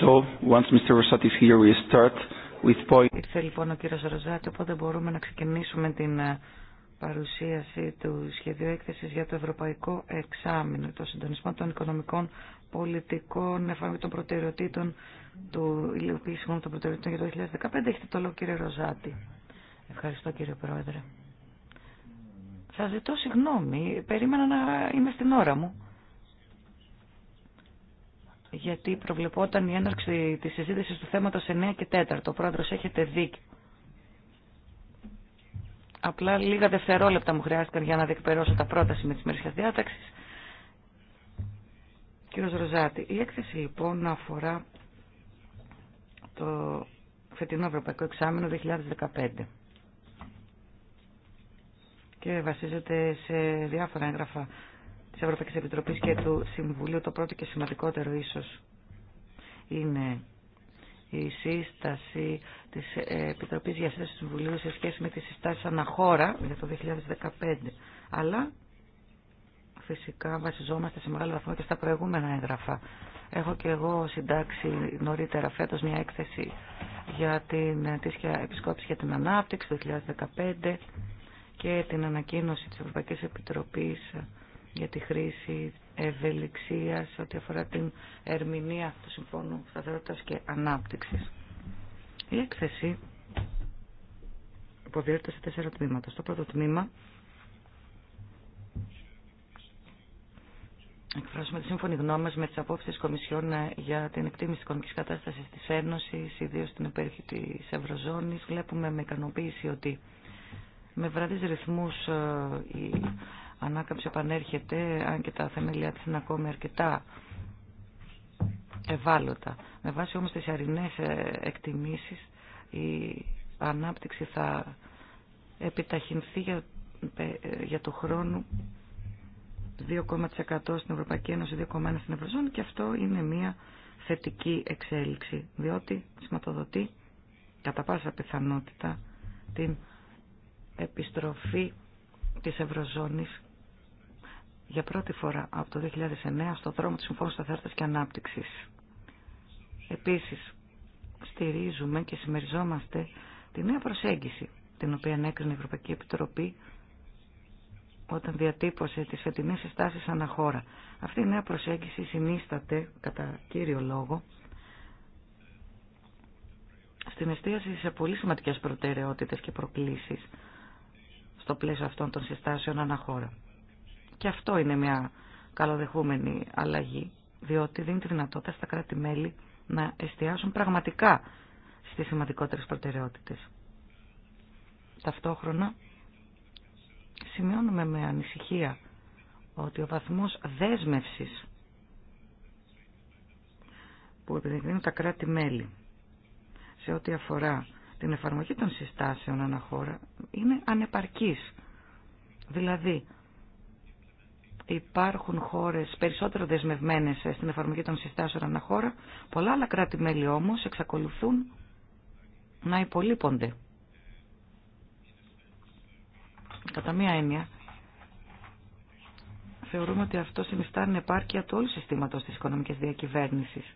So, once Mr. Rosati here, we start with point. Ήρθε λοιπόν ο κύριος Ροζάτη, οπότε μπορούμε να ξεκινήσουμε την ε, παρουσίαση του σχεδίου έκθεσης για το Ευρωπαϊκό Εξάμεινο, το συντονισμό των οικονομικών πολιτικών εφαρμογή των προτεραιοτήτων του υλοποίηση των προτεραιοτήτων για το 2015. Έχετε το λόγο κύριε Ροζάτη. Ευχαριστώ κύριε Πρόεδρε. Σας ζητώ συγγνώμη, περίμενα να είμαι στην ώρα μου γιατί προβλεπόταν η έναρξη τη συζήτηση του θέματος 9 και 4. Ο πρόεδρο έχετε δίκιο. Απλά λίγα δευτερόλεπτα μου χρειάστηκαν για να διεκπαιρώσω τα πρόταση με τις μερισιάς διάταξη. Κύριο Ροζάτη, η έκθεση λοιπόν αφορά το φετινό Ευρωπαϊκό Εξάμεινο 2015 και βασίζεται σε διάφορα έγγραφα της Ευρωπαϊκής Επιτροπής και του Συμβουλίου. Το πρώτο και σημαντικότερο ίσως είναι η σύσταση της Επιτροπής για Σύσταση του Συμβουλίου σε σχέση με τη συστάσεις αναχώρα για το 2015. Αλλά φυσικά βασιζόμαστε σε μεγάλο βαθμό και στα προηγούμενα έγγραφα. Έχω και εγώ συντάξει νωρίτερα φέτος μια έκθεση για την επισκόπηση για την ανάπτυξη το 2015 και την ανακοίνωση της Ευρωπαϊκής Επιτροπής για τη χρήση ευελιξίας ό,τι αφορά την ερμηνεία του Συμφώνου Σταθερότητας και Ανάπτυξης. Η έκθεση υποδιέρεται σε τέσσερα τμήματα. Στο πρώτο τμήμα εκφράσουμε τη σύμφωνη γνώμη με τις απόψεις της Κομισιόν ε, για την εκτίμηση της οικονομικής κατάστασης της Ένωσης, ιδίως στην υπέρχη της Ευρωζώνης. Βλέπουμε με ικανοποίηση ότι με βραδείς ρυθμούς ε, η ανάκαμψη επανέρχεται, αν και τα θεμελιά της είναι ακόμη αρκετά ευάλωτα. Με βάση όμως τις αρινές ε, εκτιμήσεις, η ανάπτυξη θα επιταχυνθεί για, ε, το χρόνο 2,1% στην Ευρωπαϊκή Ένωση, 2,1% στην Ευρωζώνη και αυτό είναι μια θετική εξέλιξη, διότι σηματοδοτεί κατά πάσα πιθανότητα την επιστροφή της Ευρωζώνης για πρώτη φορά από το 2009 στον δρόμο της Συμφώνου Σταθέρτας και Ανάπτυξης. Επίσης, στηρίζουμε και συμμεριζόμαστε τη νέα προσέγγιση την οποία ανέκρινε η Ευρωπαϊκή Επιτροπή όταν διατύπωσε τις φετινές συστάσεις αναχώρα. Αυτή η νέα προσέγγιση συνίσταται, κατά κύριο λόγο, στην εστίαση σε πολύ σημαντικές προτεραιότητες και προκλήσεις στο πλαίσιο αυτών των συστάσεων αναχώρα. Και αυτό είναι μια καλοδεχούμενη αλλαγή, διότι δίνει τη δυνατότητα στα κράτη-μέλη να εστιάσουν πραγματικά στις σημαντικότερες προτεραιότητες. Ταυτόχρονα, σημειώνουμε με ανησυχία ότι ο βαθμός δέσμευσης που επιδεικνύουν τα κράτη-μέλη σε ό,τι αφορά την εφαρμογή των συστάσεων αναχώρα είναι ανεπαρκής. Δηλαδή, υπάρχουν χώρες περισσότερο δεσμευμένε στην εφαρμογή των συστάσεων αναχώρα, πολλά άλλα κράτη-μέλη όμως εξακολουθούν να υπολείπονται. Κατά μία έννοια, θεωρούμε ότι αυτό συνιστά την επάρκεια του όλου συστήματος τη οικονομική διακυβέρνησης.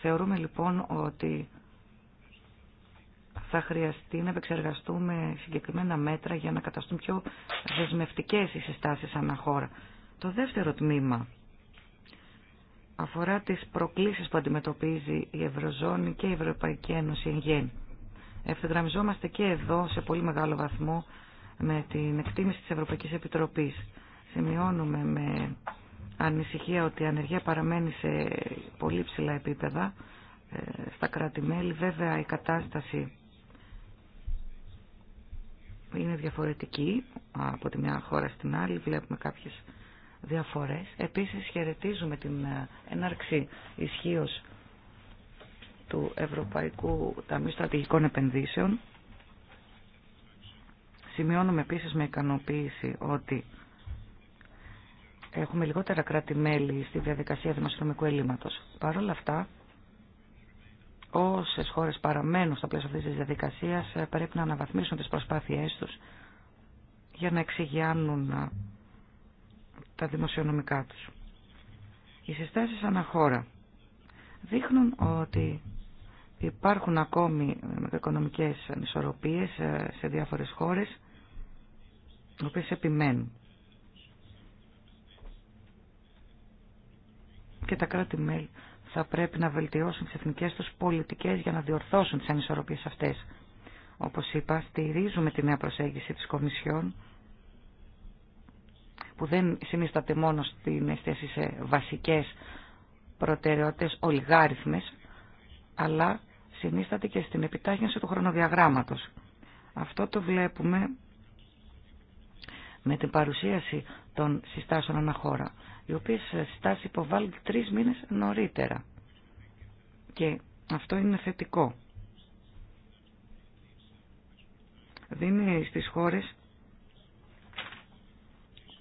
Θεωρούμε λοιπόν ότι θα χρειαστεί να επεξεργαστούμε συγκεκριμένα μέτρα για να καταστούν πιο δεσμευτικέ οι ανά χώρα. Το δεύτερο τμήμα αφορά τις προκλήσεις που αντιμετωπίζει η Ευρωζώνη και η Ευρωπαϊκή Ένωση εν γέννη. Ευθυγραμμιζόμαστε και εδώ σε πολύ μεγάλο βαθμό με την εκτίμηση της Ευρωπαϊκής Επιτροπής. Σημειώνουμε με ανησυχία ότι η ανεργία παραμένει σε πολύ ψηλά επίπεδα ε, στα κράτη-μέλη. Βέβαια η κατάσταση είναι διαφορετική από τη μια χώρα στην άλλη. Βλέπουμε κάποιες διαφορές. Επίσης χαιρετίζουμε την ε, έναρξη ισχύω του Ευρωπαϊκού Ταμείου Στρατηγικών Επενδύσεων. Σημειώνουμε επίσης με ικανοποίηση ότι έχουμε λιγότερα κράτη-μέλη στη διαδικασία δημοσιονομικού ελλείμματος. Παρ' όλα αυτά, όσες χώρες παραμένουν στα πλαίσια αυτής της διαδικασίας ε, πρέπει να αναβαθμίσουν τις προσπάθειές τους για να εξηγιάνουν ε, τα δημοσιονομικά τους. Οι συστάσεις αναχώρα δείχνουν ότι υπάρχουν ακόμη οικονομικές ανισορροπίες ε, σε διάφορες χώρες, οι οποίες επιμένουν. Και τα κράτη-μέλη θα πρέπει να βελτιώσουν τις εθνικές τους πολιτικές για να διορθώσουν τις ανισορροπίες αυτές. Όπως είπα, στηρίζουμε τη νέα προσέγγιση της Κομισιόν που δεν συνίσταται μόνο στην εστίαση σε βασικές προτεραιότητες ολιγάριθμες, αλλά συνίσταται και στην επιτάχυνση του χρονοδιαγράμματος. Αυτό το βλέπουμε με την παρουσίαση των συστάσεων αναχώρα, οι οποίες συστάσεις υποβάλλονται τρεις μήνες νωρίτερα. Και αυτό είναι θετικό. Δίνει στις χώρες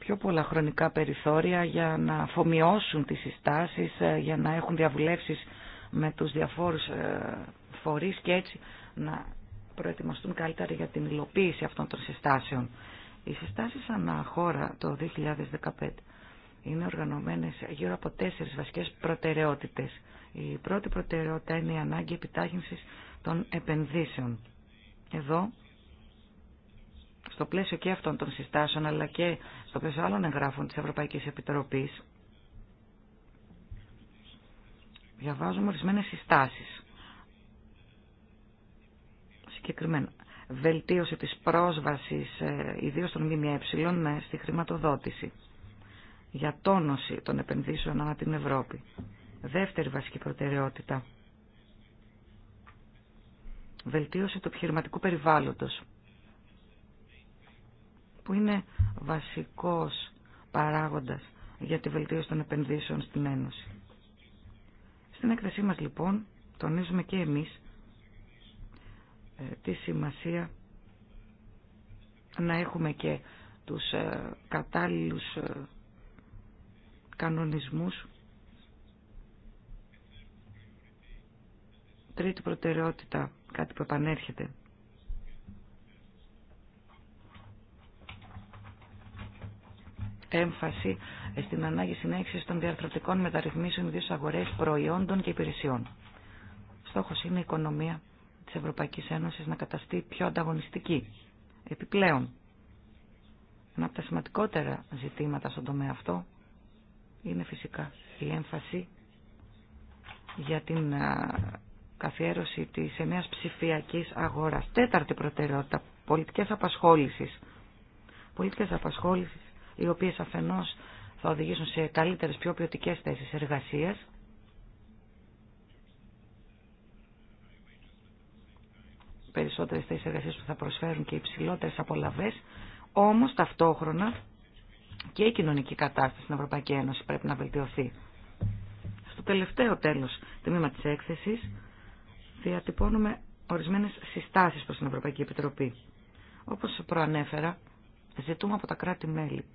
πιο πολλά χρονικά περιθώρια για να αφομοιώσουν τις συστάσεις, ε, για να έχουν διαβουλεύσεις με τους διαφόρους ε, φορείς και έτσι να προετοιμαστούν καλύτερα για την υλοποίηση αυτών των συστάσεων. Οι συστάσεις αναχώρα χώρα το 2015 είναι οργανωμένες γύρω από τέσσερις βασικές προτεραιότητες. Η πρώτη προτεραιότητα είναι η ανάγκη επιτάχυνσης των επενδύσεων. Εδώ στο πλαίσιο και αυτών των συστάσεων αλλά και στο πλαίσιο άλλων εγγράφων της Ευρωπαϊκής Επιτροπής διαβάζουμε ορισμένες συστάσεις. Συγκεκριμένα, βελτίωση της πρόσβασης ε, ιδίως των ΜΜΕ ε, στη χρηματοδότηση για τόνωση των επενδύσεων ανά την Ευρώπη. Δεύτερη βασική προτεραιότητα. Βελτίωση του επιχειρηματικού περιβάλλοντος που είναι βασικός παράγοντας για τη βελτίωση των επενδύσεων στην Ένωση. Στην έκθεσή μας λοιπόν τονίζουμε και εμείς ε, τη σημασία να έχουμε και τους ε, κατάλληλους ε, κανονισμούς. Τρίτη προτεραιότητα, κάτι που επανέρχεται έμφαση στην ανάγκη συνέχισης των διαρθρωτικών μεταρρυθμίσεων ιδίω αγορές προϊόντων και υπηρεσιών. Στόχος είναι η οικονομία της Ευρωπαϊκής Ένωσης να καταστεί πιο ανταγωνιστική. Επιπλέον, ένα από τα σημαντικότερα ζητήματα στον τομέα αυτό είναι φυσικά η έμφαση για την καθιέρωση της ενέας ψηφιακής αγοράς. Τέταρτη προτεραιότητα, πολιτικές απασχόλησης. Πολιτικές απασχόλησης οι οποίε αφενός θα οδηγήσουν σε καλύτερε πιο ποιοτικέ θέσει εργασία. περισσότερες θέσεις εργασίας που θα προσφέρουν και υψηλότερε απολαβές όμως ταυτόχρονα και η κοινωνική κατάσταση στην Ευρωπαϊκή Ένωση πρέπει να βελτιωθεί. Στο τελευταίο τέλος τμήμα της έκθεσης διατυπώνουμε ορισμένες συστάσεις προς την Ευρωπαϊκή Επιτροπή. Όπως προανέφερα, ζητούμε από τα κράτη-μέλη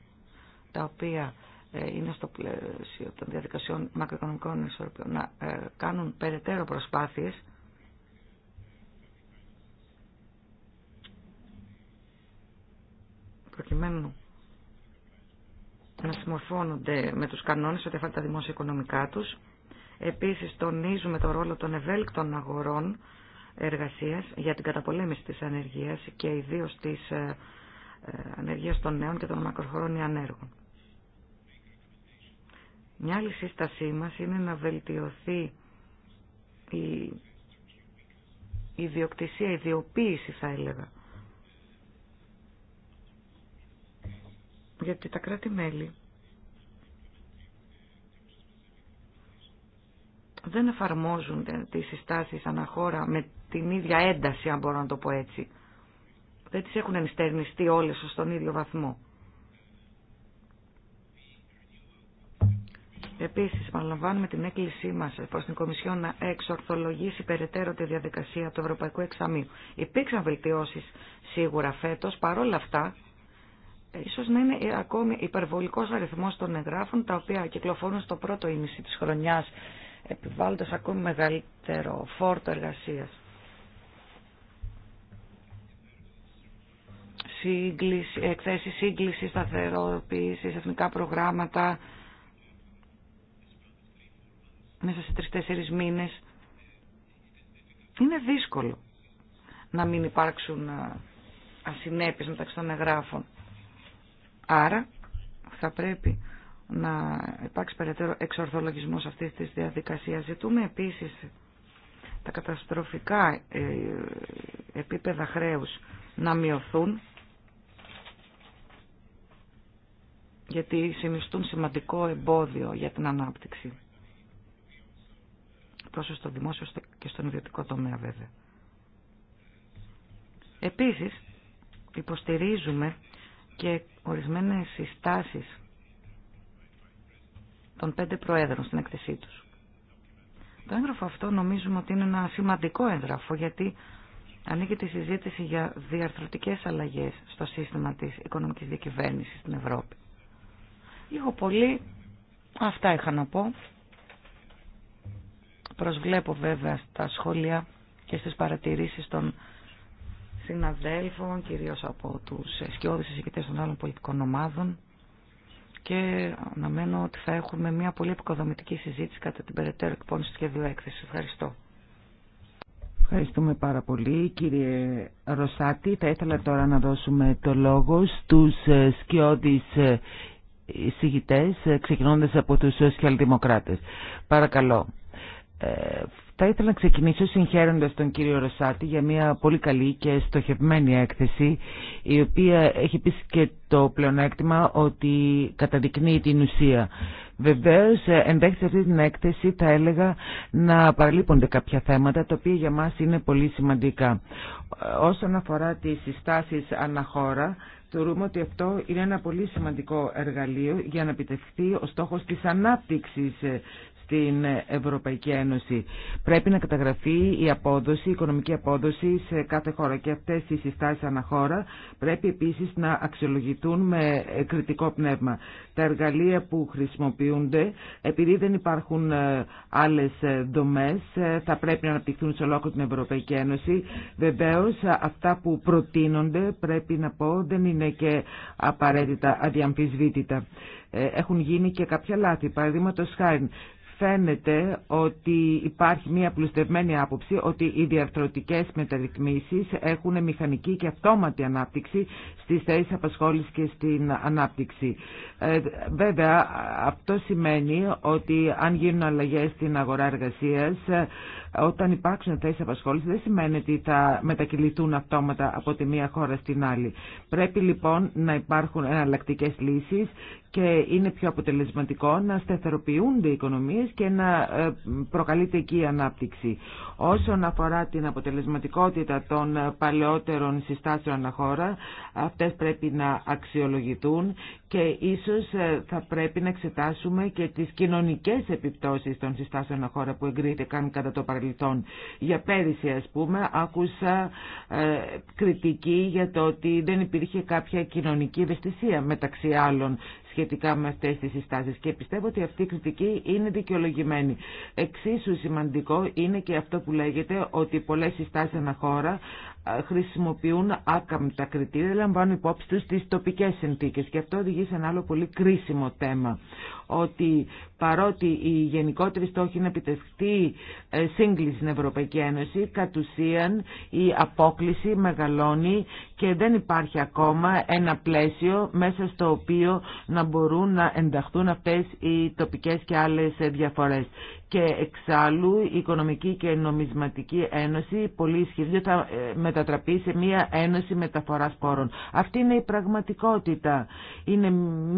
τα οποία ε, είναι στο πλαίσιο των διαδικασιών μακροοικονομικών ισορροπιών να ε, κάνουν περαιτέρω προσπάθειες προκειμένου να συμμορφώνονται με τους κανόνες ότι αφορά τα δημόσια οικονομικά τους. Επίσης τονίζουμε το ρόλο των ευέλικτων αγορών εργασίας για την καταπολέμηση της ανεργίας και ιδίως της ε, ανεργίας των νέων και των μακροχρόνια ανέργων. Μια άλλη σύστασή μας είναι να βελτιωθεί η ιδιοκτησία, η ιδιοποίηση θα έλεγα. Γιατί τα κράτη-μέλη δεν εφαρμόζουν τις συστάσεις αναχώρα με την ίδια ένταση, αν μπορώ να το πω έτσι. Δεν τις έχουν ενστερνιστεί όλες στον ίδιο βαθμό. Επίσης, παραλαμβάνουμε την έκκλησή μας προς την Κομισιόν να εξορθολογήσει περαιτέρω τη διαδικασία του Ευρωπαϊκού Εξαμείου. Υπήρξαν βελτιώσεις σίγουρα φέτος, παρόλα αυτά, ίσως να είναι ακόμη υπερβολικός αριθμός των εγγράφων, τα οποία κυκλοφορούν στο πρώτο ήμιση της χρονιάς, επιβάλλοντας ακόμη μεγαλύτερο φόρτο εργασίας. Σύγκληση, εκθέσεις σύγκλησης, σταθεροποίησης, εθνικά προγράμματα, μέσα σε τρεις-τέσσερις μήνες. Είναι δύσκολο να μην υπάρξουν ε, ασυνέπειες μεταξύ των εγγράφων. Άρα θα πρέπει να υπάρξει περαιτέρω εξορθολογισμός αυτής της διαδικασίας. Ζητούμε επίσης τα καταστροφικά ε, επίπεδα χρέους να μειωθούν γιατί συνιστούν σημαντικό εμπόδιο για την ανάπτυξη τόσο στο δημόσιο και στον ιδιωτικό τομέα βέβαια. Επίσης, υποστηρίζουμε και ορισμένες συστάσεις των πέντε προέδρων στην εκθεσή τους. Το έγγραφο αυτό νομίζουμε ότι είναι ένα σημαντικό έγγραφο γιατί ανοίγει τη συζήτηση για διαρθρωτικές αλλαγές στο σύστημα της οικονομικής διακυβέρνησης στην Ευρώπη. Λίγο πολύ αυτά είχα να πω. Προσβλέπω βέβαια στα σχόλια και στις παρατηρήσεις των συναδέλφων, κυρίως από τους σκιώδεις συζητητές των άλλων πολιτικών ομάδων και αναμένω ότι θα έχουμε μια πολύ επικοδομητική συζήτηση κατά την περαιτέρω εκπόνηση του σχεδίου έκθεση. Ευχαριστώ. Ευχαριστούμε πάρα πολύ. Κύριε Ρωσάτη, θα ήθελα τώρα να δώσουμε το λόγο στους σκιώδεις συγητές ξεκινώντας από τους σοσιαλδημοκράτες. Παρακαλώ. Ε, θα ήθελα να ξεκινήσω συγχαίροντας τον κύριο Ρωσάτη για μια πολύ καλή και στοχευμένη έκθεση η οποία έχει επίσης και το πλεονέκτημα ότι καταδεικνύει την ουσία. Βεβαίως ενδέχεται αυτή την έκθεση θα έλεγα να παραλείπονται κάποια θέματα τα οποία για μας είναι πολύ σημαντικά. Όσον αφορά τις συστάσεις αναχώρα θεωρούμε ότι αυτό είναι ένα πολύ σημαντικό εργαλείο για να επιτευχθεί ο στόχος της ανάπτυξης στην Ευρωπαϊκή Ένωση. Πρέπει να καταγραφεί η απόδοση, η οικονομική απόδοση σε κάθε χώρα και αυτές οι συστάσεις αναχώρα πρέπει επίσης να αξιολογηθούν με κριτικό πνεύμα. Τα εργαλεία που χρησιμοποιούνται, επειδή δεν υπάρχουν ε, άλλες ε, δομές, ε, θα πρέπει να αναπτυχθούν σε ολόκληρη την Ευρωπαϊκή Ένωση. Βεβαίως, αυτά που προτείνονται, πρέπει να πω, δεν είναι και απαραίτητα αδιαμφισβήτητα. Έχουν γίνει και κάποια λάθη. Παραδείγματο χάρη, φαίνεται ότι υπάρχει μια πλουστευμένη άποψη ότι οι διαρθρωτικές μεταρρυθμίσεις έχουν μηχανική και αυτόματη ανάπτυξη στις θέσεις απασχόλησης και στην ανάπτυξη. Ε, βέβαια, αυτό σημαίνει ότι αν γίνουν αλλαγές στην αγορά εργασίας όταν υπάρξουν θέσει απασχόληση δεν σημαίνει ότι θα μετακυληθούν αυτόματα από τη μία χώρα στην άλλη. Πρέπει λοιπόν να υπάρχουν εναλλακτικέ λύσει και είναι πιο αποτελεσματικό να σταθεροποιούνται οι οικονομίες και να ε, προκαλείται εκεί η ανάπτυξη. Όσον αφορά την αποτελεσματικότητα των παλαιότερων συστάσεων αναχώρα, αυτέ πρέπει να αξιολογηθούν και ίσω ε, θα πρέπει να εξετάσουμε και τι κοινωνικέ επιπτώσει των συστάσεων αναχώρα που εγκρίθηκαν κατά το παρελθόν. Για πέρυσι ας πούμε άκουσα ε, κριτική για το ότι δεν υπήρχε κάποια κοινωνική ευαισθησία μεταξύ άλλων σχετικά με αυτές τις συστάσεις και πιστεύω ότι αυτή η κριτική είναι δικαιολογημένη. Εξίσου σημαντικό είναι και αυτό που λέγεται ότι πολλές συστάσεις αναχώρα χρησιμοποιούν άκαμπτα κριτήρια, λαμβάνουν υπόψη τους τις τοπικές συνθήκες και αυτό οδηγεί σε ένα άλλο πολύ κρίσιμο θέμα ότι παρότι η γενικότερη στόχη είναι επιτευχθεί ε, σύγκληση στην Ευρωπαϊκή Ένωση κατ' ουσίαν η απόκληση μεγαλώνει και δεν υπάρχει ακόμα ένα πλαίσιο μέσα στο οποίο να μπορούν να ενταχθούν αυτές οι τοπικές και άλλες διαφορές και εξάλλου η Οικονομική και Νομισματική Ένωση πολύ ισχυρή μετατραπεί σε μία ένωση μεταφοράς πόρων. Αυτή είναι η πραγματικότητα. Είναι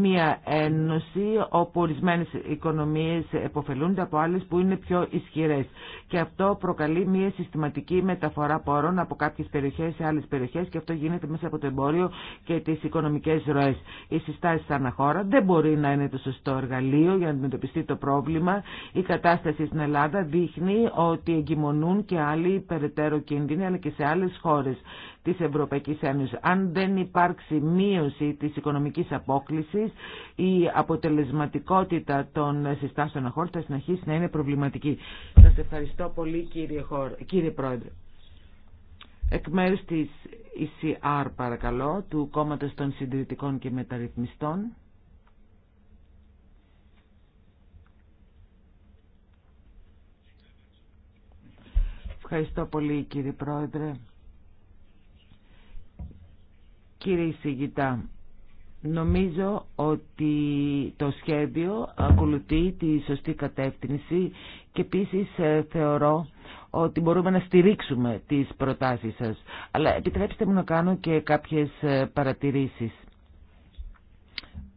μία ένωση όπου μεταφορά οικονομίες εποφελούνται από άλλες που είναι πιο ισχυρές. Και αυτό προκαλεί μία συστηματική μεταφορά πόρων από κάποιες περιοχές σε άλλες περιοχές και αυτό γίνεται μέσα από το εμπόριο και τις οικονομικές ροές. Οι συστάσεις χώρα. δεν μπορεί να είναι το σωστό εργαλείο για να αντιμετωπιστεί το πρόβλημα. Η κατάσταση στην Ελλάδα δείχνει ότι εγκυμονούν και άλλοι περαιτέρω κίνδυνοι αλλά και σε άλλες χώρες της Ευρωπαϊκής Ένωσης. Αν δεν υπάρξει μείωση της οικονομικής απόκλησης, η αποτελεσματικότητα των συστάσεων χώρων θα συνεχίσει να είναι προβληματική. Σας ευχαριστώ πολύ κύριε, Χορ, κύριε Πρόεδρε. Εκ μέρους της ECR παρακαλώ, του κόμματο των Συντηρητικών και Μεταρρυθμιστών. Ευχαριστώ πολύ κύριε Πρόεδρε. Κύριε Ισηγητά, νομίζω ότι το σχέδιο ακολουθεί τη σωστή κατεύθυνση και επίσης ε, θεωρώ ότι μπορούμε να στηρίξουμε τις προτάσεις σας. Αλλά επιτρέψτε μου να κάνω και κάποιες ε, παρατηρήσεις.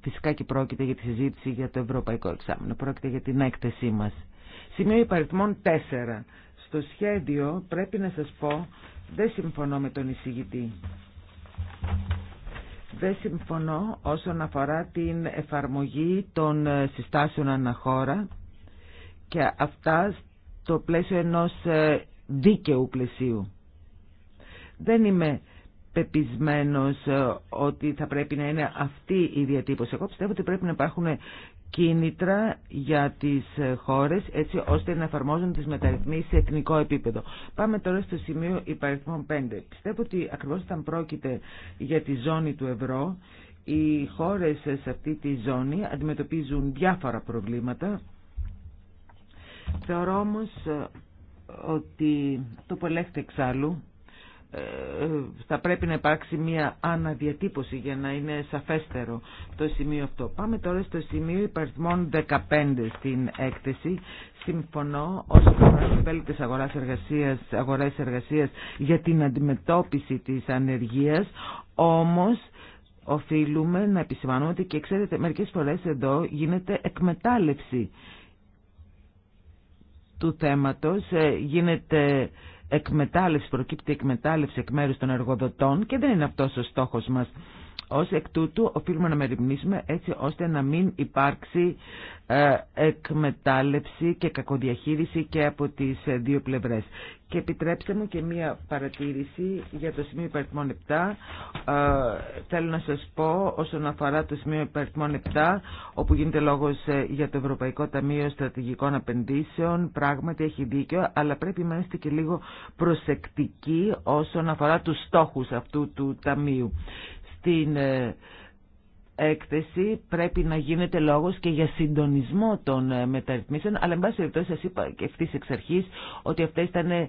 Φυσικά και πρόκειται για τη συζήτηση για το Ευρωπαϊκό Εξάμεινο, πρόκειται για την έκθεσή μας. Σημείο υπαριθμών 4. Στο σχέδιο πρέπει να σας πω δεν συμφωνώ με τον εισηγητή. Δεν συμφωνώ όσον αφορά την εφαρμογή των ε, συστάσεων αναχώρα και αυτά στο πλαίσιο ενός ε, δίκαιου πλαισίου. Δεν είμαι πεπισμένος ε, ότι θα πρέπει να είναι αυτή η διατύπωση. Εγώ πιστεύω ότι πρέπει να υπάρχουν κίνητρα για τις ε, χώρες έτσι ώστε να εφαρμόζουν τις μεταρρυθμίσεις σε εθνικό επίπεδο. Πάμε τώρα στο σημείο υπαριθμών 5. Πιστεύω ότι ακριβώς όταν πρόκειται για τη ζώνη του ευρώ, οι χώρες σε αυτή τη ζώνη αντιμετωπίζουν διάφορα προβλήματα. Θεωρώ όμως ε, ότι το που εξάλλου ε, θα πρέπει να υπάρξει μια αναδιατύπωση για να είναι σαφέστερο το σημείο αυτό. Πάμε τώρα στο σημείο υπαριθμών 15 στην έκθεση. Συμφωνώ όσον αφορά τις αγοράς εργασίας, για την αντιμετώπιση της ανεργίας, όμως οφείλουμε να επισημανούμε ότι και ξέρετε μερικές φορές εδώ γίνεται εκμετάλλευση του θέματος, ε, γίνεται εκμετάλλευση, προκύπτει εκμετάλλευση εκ μέρου των εργοδοτών και δεν είναι αυτός ο στόχος μας. Ως εκ τούτου οφείλουμε να μεριμνήσουμε έτσι ώστε να μην υπάρξει ε, εκμετάλλευση και κακοδιαχείριση και από τις ε, δύο πλευρές. Και επιτρέψτε μου και μία παρατήρηση για το σημείο υπερθμών 7. Ε, θέλω να σας πω όσον αφορά το σημείο υπερθμών 7, όπου γίνεται λόγος ε, για το Ευρωπαϊκό Ταμείο Στρατηγικών Απεντήσεων, πράγματι έχει δίκιο, αλλά πρέπει να είστε και λίγο προσεκτικοί όσον αφορά τους στόχους αυτού του Ταμείου στην ε, έκθεση πρέπει να γίνεται λόγος και για συντονισμό των ε, μεταρρυθμίσεων αλλά εν πάση περιπτώσει σας είπα και αυτής εξ αρχής ότι αυτές ήταν ε,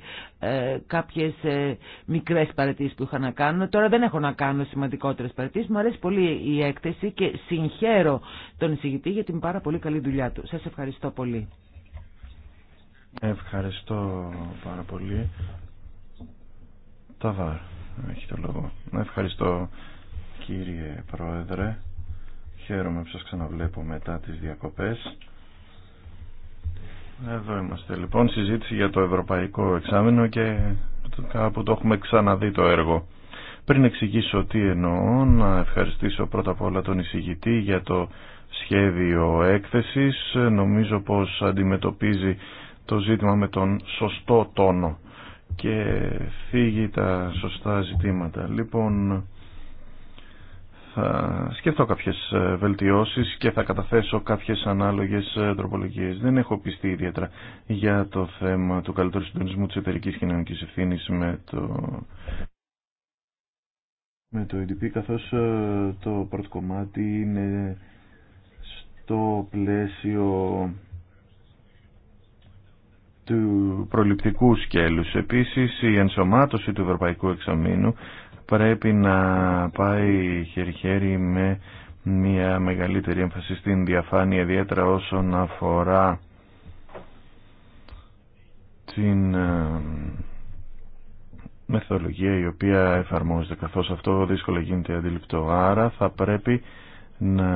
κάποιες ε, μικρές παρατήσεις που είχα να κάνω τώρα δεν έχω να κάνω σημαντικότερες παρατήσεις. μου αρέσει πολύ η έκθεση και συγχαίρω τον εισηγητή για την πάρα πολύ καλή δουλειά του σας ευχαριστώ πολύ Ευχαριστώ πάρα πολύ Ταβάρ έχει το λόγο Ευχαριστώ κύριε Πρόεδρε. Χαίρομαι που σας ξαναβλέπω μετά τις διακοπές. Εδώ είμαστε λοιπόν, συζήτηση για το Ευρωπαϊκό Εξάμεινο και κάπου το έχουμε ξαναδεί το έργο. Πριν εξηγήσω τι εννοώ, να ευχαριστήσω πρώτα απ' όλα τον εισηγητή για το σχέδιο έκθεσης. Νομίζω πως αντιμετωπίζει το ζήτημα με τον σωστό τόνο και φύγει τα σωστά ζητήματα. Λοιπόν, θα σκεφτώ κάποιες ε, βελτιώσεις και θα καταθέσω κάποιες ανάλογες ε, τροπολογίες. Δεν έχω πιστεί ιδιαίτερα για το θέμα του καλύτερου συντονισμού της εταιρικής κοινωνικής ευθύνης με το, με το EDP, καθώς ε, το πρώτο κομμάτι είναι στο πλαίσιο του προληπτικού σκέλους. Επίσης, η ενσωμάτωση του Ευρωπαϊκού Εξαμήνου πρέπει να πάει χέρι-χέρι με μια μεγαλύτερη έμφαση στην διαφάνεια ιδιαίτερα όσον αφορά την ε, μεθοδολογία η οποία εφαρμόζεται καθώς αυτό δύσκολα γίνεται αντιληπτό άρα θα πρέπει να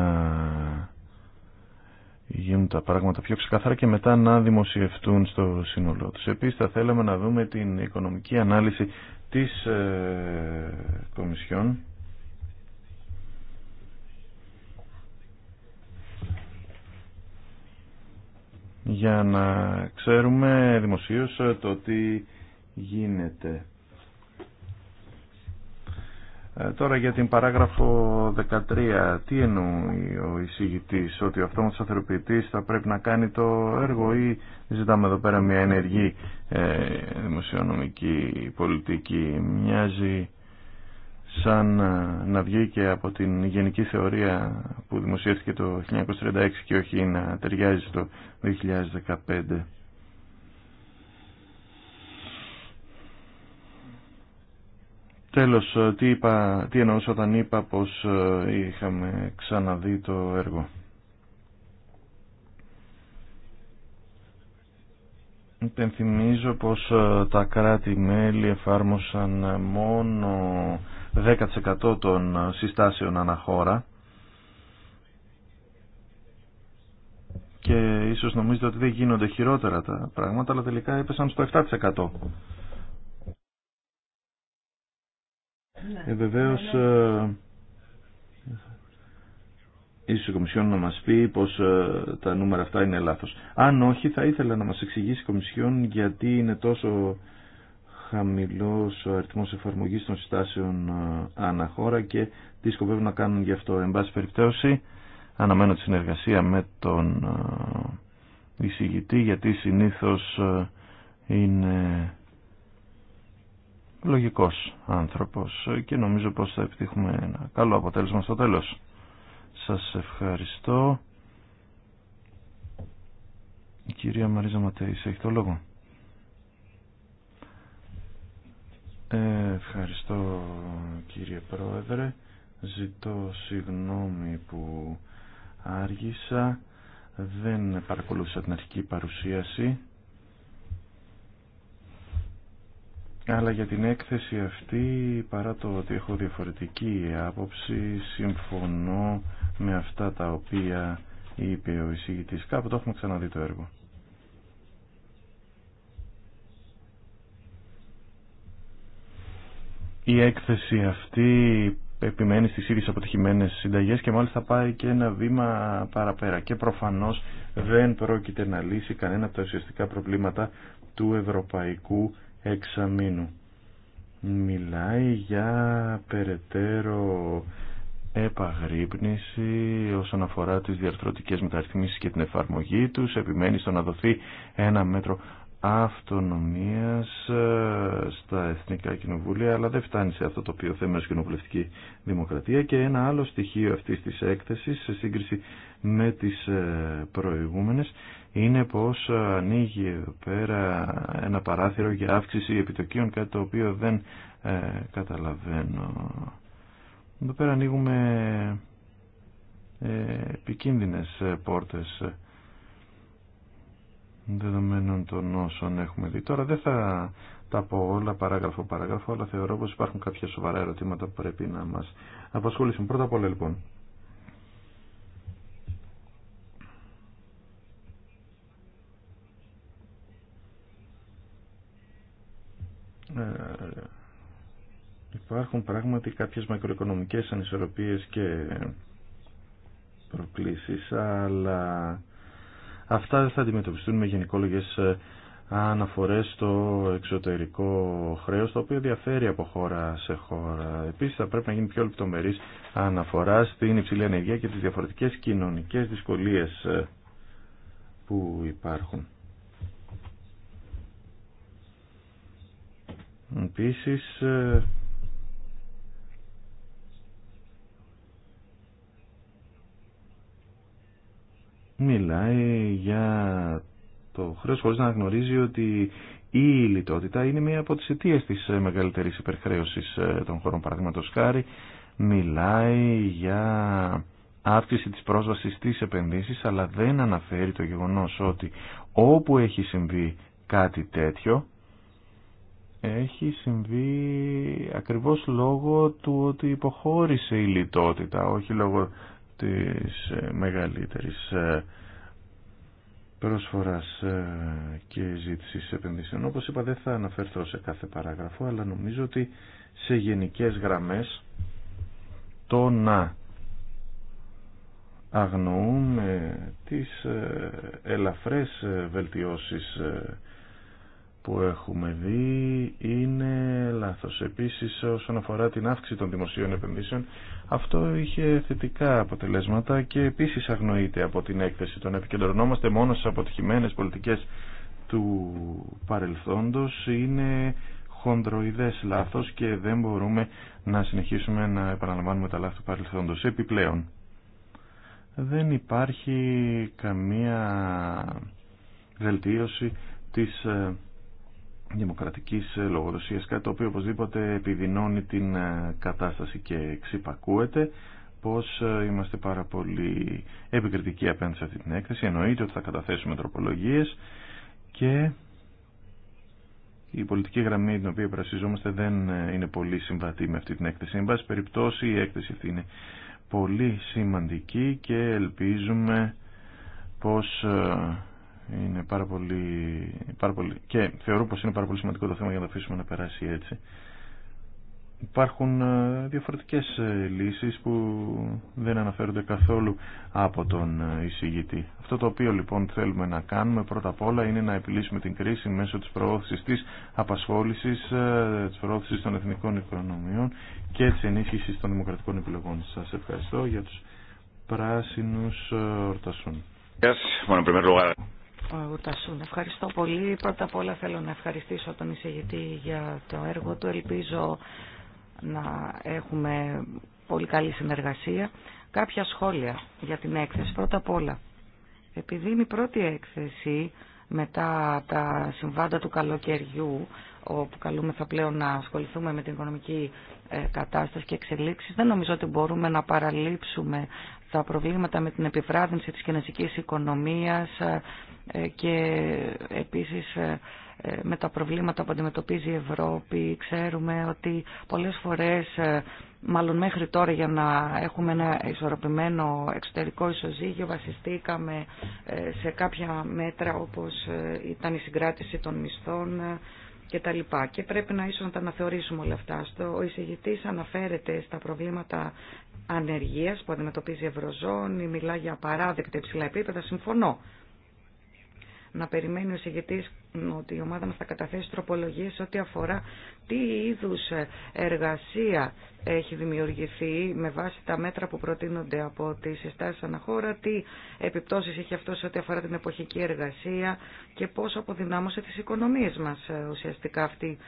γίνουν τα πράγματα πιο ξεκαθαρά και μετά να δημοσιευτούν στο σύνολό τους. Επίσης θα θέλαμε να δούμε την οικονομική ανάλυση της ε, Κομισιόν για να ξέρουμε δημοσίως ε, το τι γίνεται. Ε, τώρα για την παράγραφο 13, τι εννοεί ο εισηγητής, ότι ο αυτόματος θα πρέπει να κάνει το έργο ή ζητάμε εδώ πέρα μια ενεργή ε, δημοσιονομική πολιτική. Μοιάζει σαν ε, να βγήκε από την γενική θεωρία που δημοσιεύτηκε το 1936 και όχι να ταιριάζει το 2015. Τέλος, ε, τι, είπα, τι εννοούσα όταν είπα πως ε, είχαμε ξαναδεί το έργο. Υπενθυμίζω πως ε, τα κράτη-μέλη εφάρμοσαν μόνο 10% των συστάσεων αναχώρα και ίσως νομίζετε ότι δεν γίνονται χειρότερα τα πράγματα αλλά τελικά έπεσαν στο 7%. Ναι. Ε, βεβαίως, ναι, ναι, ε, ίσως η Κομισιόν να μας πει πως ε, τα νούμερα αυτά είναι λάθος. Αν όχι, θα ήθελα να μας εξηγήσει η Κομισιόν γιατί είναι τόσο χαμηλός ο αριθμός εφαρμογής των συστάσεων ε, αναχώρα και τι σκοπεύουν να κάνουν γι' αυτό. Εν πάση περιπτώσει, αναμένω τη συνεργασία με τον εισηγητή γιατί συνήθως είναι λογικός άνθρωπος και νομίζω πως θα επιτύχουμε ένα καλό αποτέλεσμα στο τέλος. Σας ευχαριστώ. Η κυρία Μαρίζα Ματέης έχει το λόγο. Ε, ευχαριστώ κύριε Πρόεδρε. Ζητώ συγγνώμη που άργησα. Δεν παρακολούθησα την αρχική παρουσίαση. αλλά για την έκθεση αυτή παρά το ότι έχω διαφορετική άποψη συμφωνώ με αυτά τα οποία είπε ο εισηγητής κάπου το έχουμε ξαναδεί το έργο η έκθεση αυτή επιμένει στις ίδιες αποτυχημένες συνταγές και μάλιστα πάει και ένα βήμα παραπέρα και προφανώς δεν πρόκειται να λύσει κανένα από τα ουσιαστικά προβλήματα του ευρωπαϊκού εξαμήνου. Μιλάει για περαιτέρω επαγρύπνηση όσον αφορά τις διαρθρωτικές μεταρρυθμίσεις και την εφαρμογή τους. Επιμένει στο να δοθεί ένα μέτρο αυτονομίας ε, στα Εθνικά Κοινοβούλια, αλλά δεν φτάνει σε αυτό το οποίο θέμενος κοινοβουλευτική δημοκρατία. Και ένα άλλο στοιχείο αυτής της έκθεσης, σε σύγκριση με τις ε, προηγούμενες είναι πως ανοίγει εδώ πέρα ένα παράθυρο για αύξηση επιτοκίων, κάτι το οποίο δεν ε, καταλαβαίνω. Εδώ πέρα ανοίγουμε ε, επικίνδυνες πόρτες δεδομένων των όσων έχουμε δει. Τώρα δεν θα τα πω όλα παράγραφο παράγραφο, αλλά θεωρώ πως υπάρχουν κάποια σοβαρά ερωτήματα που πρέπει να μας απασχολήσουν. Πρώτα απ' όλα λοιπόν, Ε, υπάρχουν πράγματι κάποιες μακροοικονομικές ανισορροπίες και προκλήσεις, αλλά αυτά δεν θα αντιμετωπιστούν με γενικόλογες ε, αναφορές στο εξωτερικό χρέος, το οποίο διαφέρει από χώρα σε χώρα. Επίσης θα πρέπει να γίνει πιο λεπτομερής αναφορά στην υψηλή ανεργία και τις διαφορετικές κοινωνικές δυσκολίες ε, που υπάρχουν. Επίσης, ε, μιλάει για το χρέος χωρίς να γνωρίζει ότι η λιτότητα είναι μία από τις αιτίες της ε, μεγαλύτερης υπερχρέωσης ε, των χωρών. Παραδείγματος χάρη, μιλάει για αύξηση της πρόσβασης στις επενδύσεις, αλλά δεν αναφέρει το γεγονός ότι όπου έχει συμβεί κάτι τέτοιο, έχει συμβεί ακριβώς λόγω του ότι υποχώρησε η λιτότητα, όχι λόγω της ε, μεγαλύτερης ε, πρόσφορας ε, και ζήτησης επενδύσεων. Όπως είπα δεν θα αναφερθώ σε κάθε παράγραφο, αλλά νομίζω ότι σε γενικές γραμμές το να αγνοούμε τις ελαφρές βελτιώσεις που έχουμε δει είναι λάθος. Επίσης όσον αφορά την αύξηση των δημοσίων επενδύσεων αυτό είχε θετικά αποτελέσματα και επίσης αγνοείται από την έκθεση. Τον επικεντρωνόμαστε μόνο στις αποτυχημένες πολιτικές του παρελθόντος είναι χονδροειδές λάθος και δεν μπορούμε να συνεχίσουμε να επαναλαμβάνουμε τα λάθη του παρελθόντος. Επιπλέον δεν υπάρχει καμία βελτίωση της ε, δημοκρατικής ε, λογοδοσίας, κάτι το οποίο οπωσδήποτε επιδεινώνει την ε, κατάσταση και ξυπακούεται πως ε, είμαστε πάρα πολύ επικριτικοί απέναντι σε αυτή την έκθεση. Εννοείται ότι θα καταθέσουμε τροπολογίες και η πολιτική γραμμή την οποία πρασιζόμαστε δεν είναι πολύ συμβατή με αυτή την έκθεση. Εν πάση περιπτώσει η έκθεση αυτή είναι πολύ σημαντική και ελπίζουμε πως είναι πάρα πολύ, και θεωρώ πως είναι πάρα πολύ σημαντικό το θέμα για να το αφήσουμε να περάσει έτσι. Υπάρχουν ε, διαφορετικές ε, λύσεις που δεν αναφέρονται καθόλου από τον ε, εισηγητή. Αυτό το οποίο λοιπόν θέλουμε να κάνουμε πρώτα απ' όλα είναι να επιλύσουμε την κρίση μέσω της προώθησης της απασχόλησης, της προώθησης των εθνικών οικονομιών και της ενίσχυσης των δημοκρατικών επιλογών. Σας ευχαριστώ για τους πράσινους ορτασούν. Yes, bueno, Ευχαριστώ πολύ. Πρώτα απ' όλα θέλω να ευχαριστήσω τον εισηγητή για το έργο του. Ελπίζω να έχουμε πολύ καλή συνεργασία. Κάποια σχόλια για την έκθεση. Πρώτα απ' όλα, επειδή είναι η πρώτη έκθεση μετά τα συμβάντα του καλοκαιριού, όπου θα πλέον να ασχοληθούμε με την οικονομική ε, κατάσταση και εξελίξεις, δεν νομίζω ότι μπορούμε να παραλείψουμε τα προβλήματα με την επιβράδυνση της κινέζικης οικονομίας ε, και επίσης ε, ε, με τα προβλήματα που αντιμετωπίζει η Ευρώπη. Ξέρουμε ότι πολλές φορές, μάλλον μέχρι τώρα για να έχουμε ένα ισορροπημένο εξωτερικό ισοζύγιο, βασιστήκαμε σε κάποια μέτρα όπως ήταν η συγκράτηση των μισθών, και τα λοιπά. Και πρέπει να ίσως να τα αναθεωρήσουμε όλα αυτά. Στο, ο εισηγητής αναφέρεται στα προβλήματα ανεργίας που αντιμετωπίζει η Ευρωζώνη, μιλά για απαράδεκτα υψηλά επίπεδα, συμφωνώ να περιμένει ο εισηγητής ότι η ομάδα μας θα καταθέσει τροπολογίες ό,τι αφορά τι είδου εργασία έχει δημιουργηθεί με βάση τα μέτρα που προτείνονται από τις συστάσει αναχώρα, τι επιπτώσεις έχει αυτό σε ό,τι αφορά την εποχική εργασία και πόσο αποδυνάμωσε τις οικονομίες μας ε, ουσιαστικά αυτή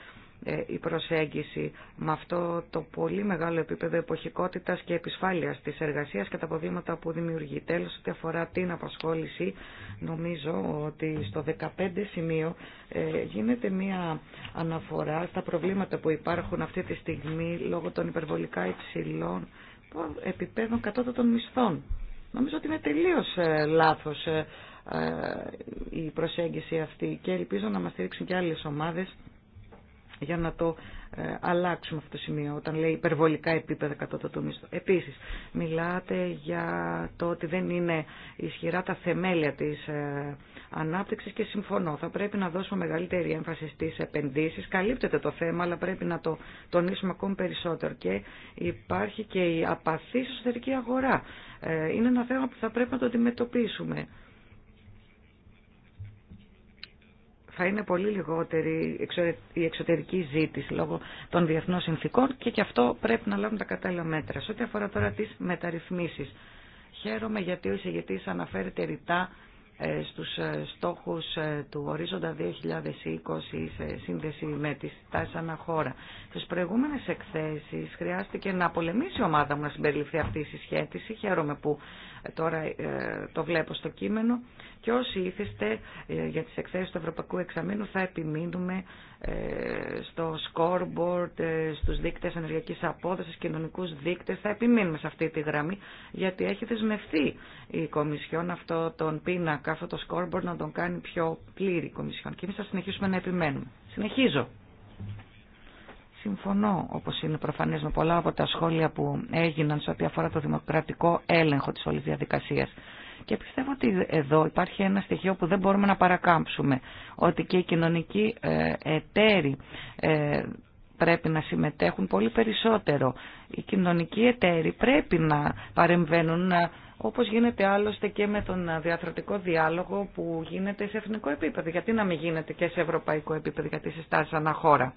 ε, η προσέγγιση με αυτό το πολύ μεγάλο επίπεδο εποχικότητας και επισφάλειας της εργασίας και τα προβλήματα που δημιουργεί. Τέλος, ό,τι αφορά την απασχόληση, νομίζω ότι στο 15 σημείο ε, γίνεται μία αναφορά στα προβλήματα που υπάρχουν αυτή τη στιγμή λόγω των υπερβολικά υψηλών επιπέδων κατώτατων μισθών. Νομίζω ότι είναι τελείως ε, λάθος η προσέγγιση αυτή και ελπίζω να μας στηρίξουν και άλλες ομάδες για να το ε, αλλάξουμε αυτό το σημείο όταν λέει υπερβολικά επίπεδα κατά το μισθό. Επίσης, μιλάτε για το ότι δεν είναι ισχυρά τα θεμέλια της ε, ανάπτυξης και συμφωνώ. Θα πρέπει να δώσουμε μεγαλύτερη έμφαση στις επενδύσεις. Καλύπτεται το θέμα, αλλά πρέπει να το τονίσουμε ακόμη περισσότερο. Και υπάρχει και η απαθή εσωτερική αγορά. Ε, είναι ένα θέμα που θα πρέπει να το αντιμετωπίσουμε. θα είναι πολύ λιγότερη η εξωτερική ζήτηση λόγω των διεθνών συνθήκων και γι' αυτό πρέπει να λάβουν τα κατάλληλα μέτρα. Σε ό,τι αφορά τώρα τις μεταρρυθμίσεις, χαίρομαι γιατί ο εισηγητή αναφέρεται ρητά ε, στους ε, στόχους ε, του ορίζοντα 2020 σε σύνδεση με τις τάσεις αναχώρα. Στις προηγούμενες εκθέσεις χρειάστηκε να πολεμήσει η ομάδα μου να συμπεριληφθεί αυτή η συσχέτιση. Χαίρομαι που ε, τώρα ε, το βλέπω στο κείμενο και όσοι ήθεστε ε, για τις εκθέσεις του Ευρωπαϊκού Εξαμήνου θα επιμείνουμε στο scoreboard, στους δείκτες ενεργειακής απόδοσης, κοινωνικούς δείκτες, θα επιμείνουμε σε αυτή τη γραμμή γιατί έχει δεσμευτεί η Κομισιόν αυτό τον πίνακα, αυτό το scoreboard να τον κάνει πιο πλήρη η Κομισιόν και εμείς θα συνεχίσουμε να επιμένουμε. Συνεχίζω. Συμφωνώ, όπως είναι προφανές, με πολλά από τα σχόλια που έγιναν σε ό,τι αφορά το δημοκρατικό έλεγχο της όλης διαδικασίας. Και πιστεύω ότι εδώ υπάρχει ένα στοιχείο που δεν μπορούμε να παρακάμψουμε, ότι και οι κοινωνικοί ε, εταίροι ε, πρέπει να συμμετέχουν πολύ περισσότερο. Οι κοινωνικοί εταίροι πρέπει να παρεμβαίνουν, όπως γίνεται άλλωστε και με τον διαθροτικό διάλογο που γίνεται σε εθνικό επίπεδο. Γιατί να μην γίνεται και σε ευρωπαϊκό επίπεδο, γιατί συστάσεις ανά χώρα.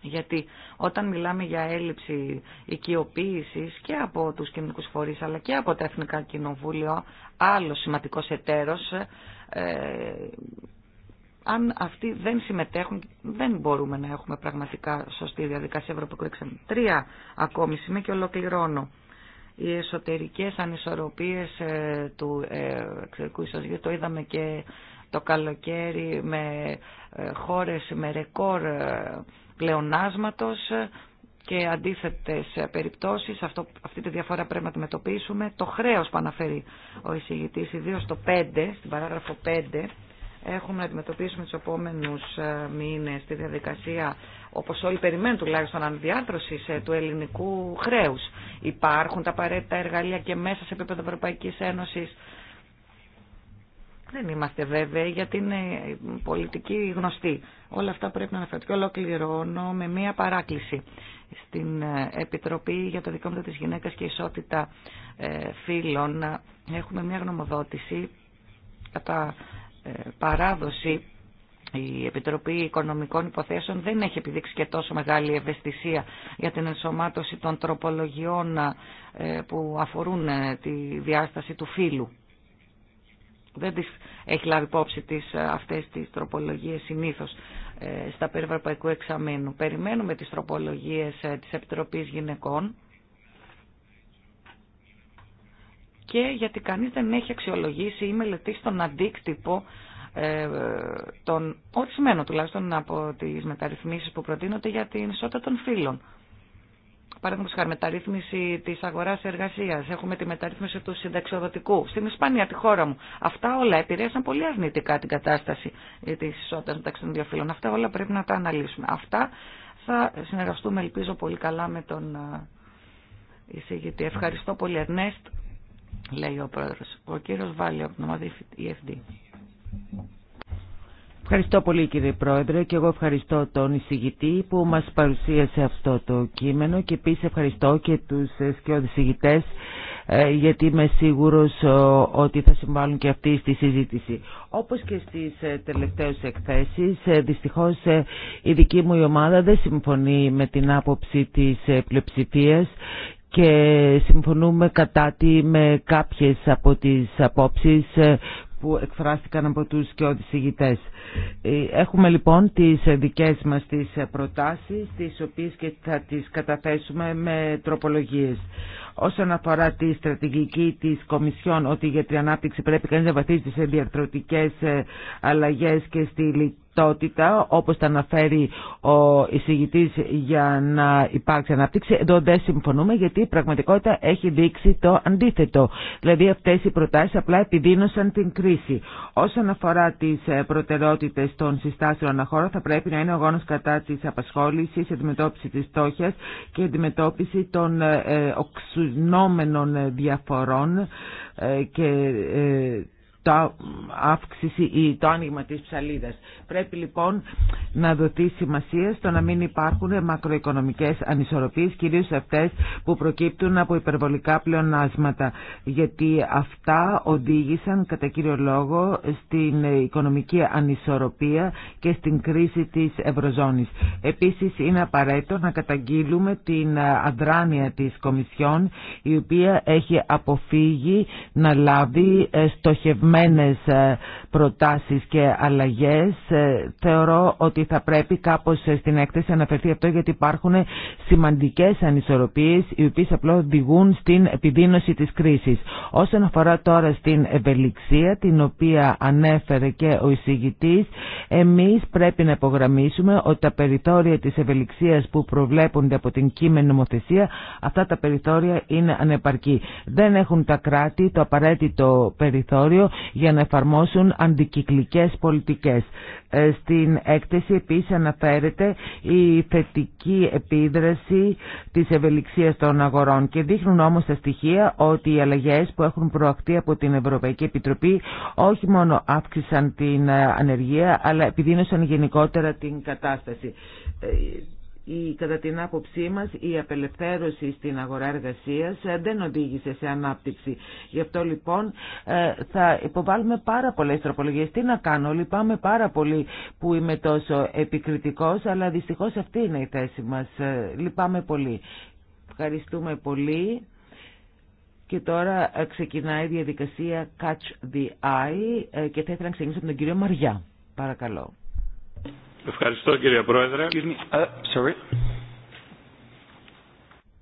Γιατί όταν μιλάμε για έλλειψη οικειοποίησης και από τους κοινωνικού φορείς αλλά και από τα Εθνικά Κοινοβούλια, άλλο σημαντικό εταίρος, ε, αν αυτοί δεν συμμετέχουν, δεν μπορούμε να έχουμε πραγματικά σωστή διαδικασία Ευρωπαϊκού Εξαμήνου. Τρία ακόμη σημαίνει και ολοκληρώνω. Οι εσωτερικές ανισορροπίες ε, του ε, εξωτερικού ισοζυγίου το είδαμε και το καλοκαίρι με ε, χώρες με ρεκόρ πλεονάσματος ε, και αντίθετες ε, περιπτώσεις, αυτό, αυτή τη διαφορά πρέπει να αντιμετωπίσουμε. Το χρέος που αναφέρει ο εισηγητής, ιδίως το 5, στην παράγραφο 5, έχουμε να αντιμετωπίσουμε τους επόμενους ε, μήνες τη διαδικασία, όπως όλοι περιμένουν τουλάχιστον, αναδιάρθρωσης του ελληνικού χρέους. Υπάρχουν τα απαραίτητα εργαλεία και μέσα σε επίπεδο Ευρωπαϊκής Ένωσης δεν είμαστε βέβαιοι γιατί είναι πολιτική γνωστή. Όλα αυτά πρέπει να αναφέρω και ολοκληρώνω με μία παράκληση στην ε, Επιτροπή για τα δικαιώματα της γυναίκας και ισότητα ε, φύλων. Έχουμε μία γνωμοδότηση κατά ε, παράδοση η Επιτροπή Οικονομικών Υποθέσεων δεν έχει επιδείξει και τόσο μεγάλη ευαισθησία για την ενσωμάτωση των τροπολογιών που αφορούν τη διάσταση του φύλου δεν τις έχει λάβει υπόψη τις, ε, αυτές τις τροπολογίες συνήθως ε, στα περιβαρπαϊκού εξαμήνου. Περιμένουμε τις τροπολογίες ε, της Επιτροπής Γυναικών και γιατί κανείς δεν έχει αξιολογήσει ή μελετήσει τον αντίκτυπο ε, τον ορισμένο τουλάχιστον από τις μεταρρυθμίσεις που προτείνονται για την ισότητα των φύλων. Παραδείγματο χάρη, μεταρρύθμιση τη αγορά εργασία. Έχουμε τη μεταρρύθμιση του συνταξιοδοτικού. Στην Ισπανία, τη χώρα μου. Αυτά όλα επηρέασαν πολύ αρνητικά την κατάσταση τη ισότητα μεταξύ των δύο φύλων. Αυτά όλα πρέπει να τα αναλύσουμε. Αυτά θα συνεργαστούμε, ελπίζω, πολύ καλά με τον ε, εισηγητή. Ευχαριστώ πολύ, Ερνέστ, λέει ο πρόεδρο. Ο κύριο Βάλιο από την ομάδα EFD. Ευχαριστώ πολύ κύριε Πρόεδρε και εγώ ευχαριστώ τον εισηγητή που μας παρουσίασε αυτό το κείμενο και επίσης ευχαριστώ και τους σκιώδης ε, γιατί είμαι σίγουρος ε, ότι θα συμβάλλουν και αυτοί στη συζήτηση. Όπως και στις ε, τελευταίες εκθέσεις, δυστυχώς η δική μου η ομάδα δεν συμφωνεί με την άποψη της πλειοψηφία και συμφωνούμε κατά τη με κάποιες από τις απόψεις που εκφράστηκαν από τους και ε, έχουμε λοιπόν τις δικές μας τις προτάσεις, τις οποίες και θα τις καταθέσουμε με τροπολογίες. Όσον αφορά τη στρατηγική της Κομισιόν, ότι για την ανάπτυξη πρέπει κανείς να βαθίσει σε διαρθρωτικές ε, αλλαγές και στη λιτότητα, όπως τα αναφέρει ο εισηγητής για να υπάρξει ανάπτυξη, εδώ δεν συμφωνούμε γιατί η πραγματικότητα έχει δείξει το αντίθετο. Δηλαδή αυτές οι προτάσεις απλά επιδίνωσαν την κρίση. Όσον αφορά τις ε, προτεραιότητες, των συστάσεων αναχώρα θα πρέπει να είναι ο γόνος κατά της απασχόλησης, αντιμετώπιση της στόχιας και αντιμετώπιση των ε, ε, οξυνόμενων διαφορών ε, και το αύξηση ή το άνοιγμα της ψαλίδας. Πρέπει λοιπόν να δοθεί σημασία στο να μην υπάρχουν μακροοικονομικές ανισορροπίες, κυρίως αυτές που προκύπτουν από υπερβολικά πλεονάσματα, γιατί αυτά οδήγησαν κατά κύριο λόγο στην οικονομική ανισορροπία και στην κρίση της Ευρωζώνης. Επίσης είναι απαραίτητο να καταγγείλουμε την αδράνεια της Κομισιόν, η οποία έχει αποφύγει να λάβει στοχευμένα συγκεκριμένες ε, προτάσεις και αλλαγές. Ε, θεωρώ ότι θα πρέπει κάπως ε, στην έκθεση αναφερθεί αυτό γιατί υπάρχουν σημαντικές ανισορροπίες οι οποίες απλώ οδηγούν στην επιδείνωση της κρίσης. Όσον αφορά τώρα στην ευελιξία την οποία ανέφερε και ο εισηγητής εμείς πρέπει να υπογραμμίσουμε ότι τα περιθώρια της ευελιξίας που προβλέπονται από την κείμενη νομοθεσία αυτά τα περιθώρια είναι ανεπαρκή. Δεν έχουν τα κράτη το απαραίτητο περιθώριο για να εφαρμόσουν αντικυκλικές πολιτικές. Ε, στην έκθεση επίσης αναφέρεται η θετική επίδραση της ευελιξίας των αγορών και δείχνουν όμως τα στοιχεία ότι οι αλλαγές που έχουν προαχθεί από την Ευρωπαϊκή Επιτροπή όχι μόνο αύξησαν την ε, ανεργία αλλά επιδίνωσαν γενικότερα την κατάσταση. Ε, η, κατά την άποψή μας η απελευθέρωση στην αγορά εργασίας ε, δεν οδήγησε σε ανάπτυξη. Γι' αυτό λοιπόν ε, θα υποβάλουμε πάρα πολλές τροπολογίες. Τι να κάνω, λυπάμαι πάρα πολύ που είμαι τόσο επικριτικός, αλλά δυστυχώς αυτή είναι η θέση μας. Ε, λυπάμαι πολύ. Ευχαριστούμε πολύ. Και τώρα ξεκινάει η διαδικασία Catch the Eye και θα ήθελα να ξεκινήσω από τον κύριο Μαριά. Παρακαλώ. Ευχαριστώ κύριε Πρόεδρε. Uh, sorry.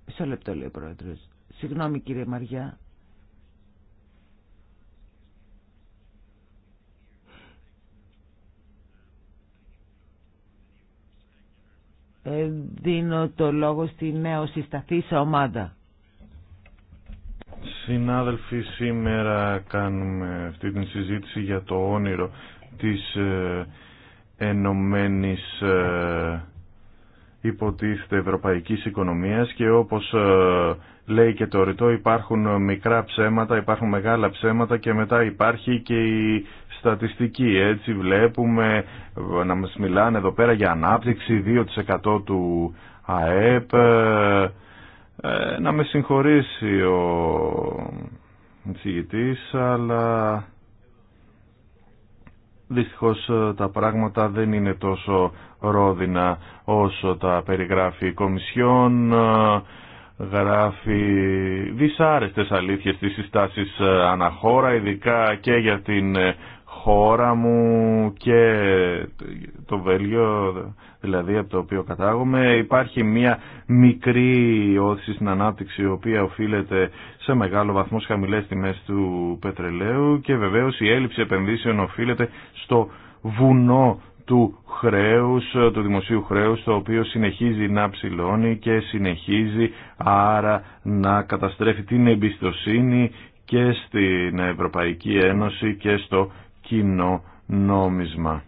Μισό λεπτό λέει ο Πρόεδρος. Συγγνώμη κύριε Μαριά. Ε, δίνω το λόγο στη νέο σε ομάδα. Συνάδελφοι, σήμερα κάνουμε αυτή την συζήτηση για το όνειρο της ε, ενωμένης ε, υποτίθεται ευρωπαϊκής οικονομίας και όπως ε, λέει και το ρητό υπάρχουν μικρά ψέματα, υπάρχουν μεγάλα ψέματα και μετά υπάρχει και η στατιστική. Έτσι βλέπουμε ε, να μας μιλάνε εδώ πέρα για ανάπτυξη 2% του ΑΕΠ. να με συγχωρήσει ο αλλά Δυστυχώς ε, τα πράγματα δεν είναι τόσο ρόδινα όσο τα περιγράφει η Κομισιόν. Ε, γράφει δυσάρεστες αλήθειες στις συστάσεις ε, αναχώρα, ειδικά και για την χώρα μου και το Βέλγιο, δηλαδή από το οποίο κατάγομαι, υπάρχει μια μικρή όθηση στην ανάπτυξη, η οποία οφείλεται σε μεγάλο βαθμό στις χαμηλές του πετρελαίου και βεβαίως η έλλειψη επενδύσεων οφείλεται στο βουνό του χρέους, του δημοσίου χρέους, το οποίο συνεχίζει να ψηλώνει και συνεχίζει άρα να καταστρέφει την εμπιστοσύνη και στην Ευρωπαϊκή Ένωση και στο κοινό νόμισμα.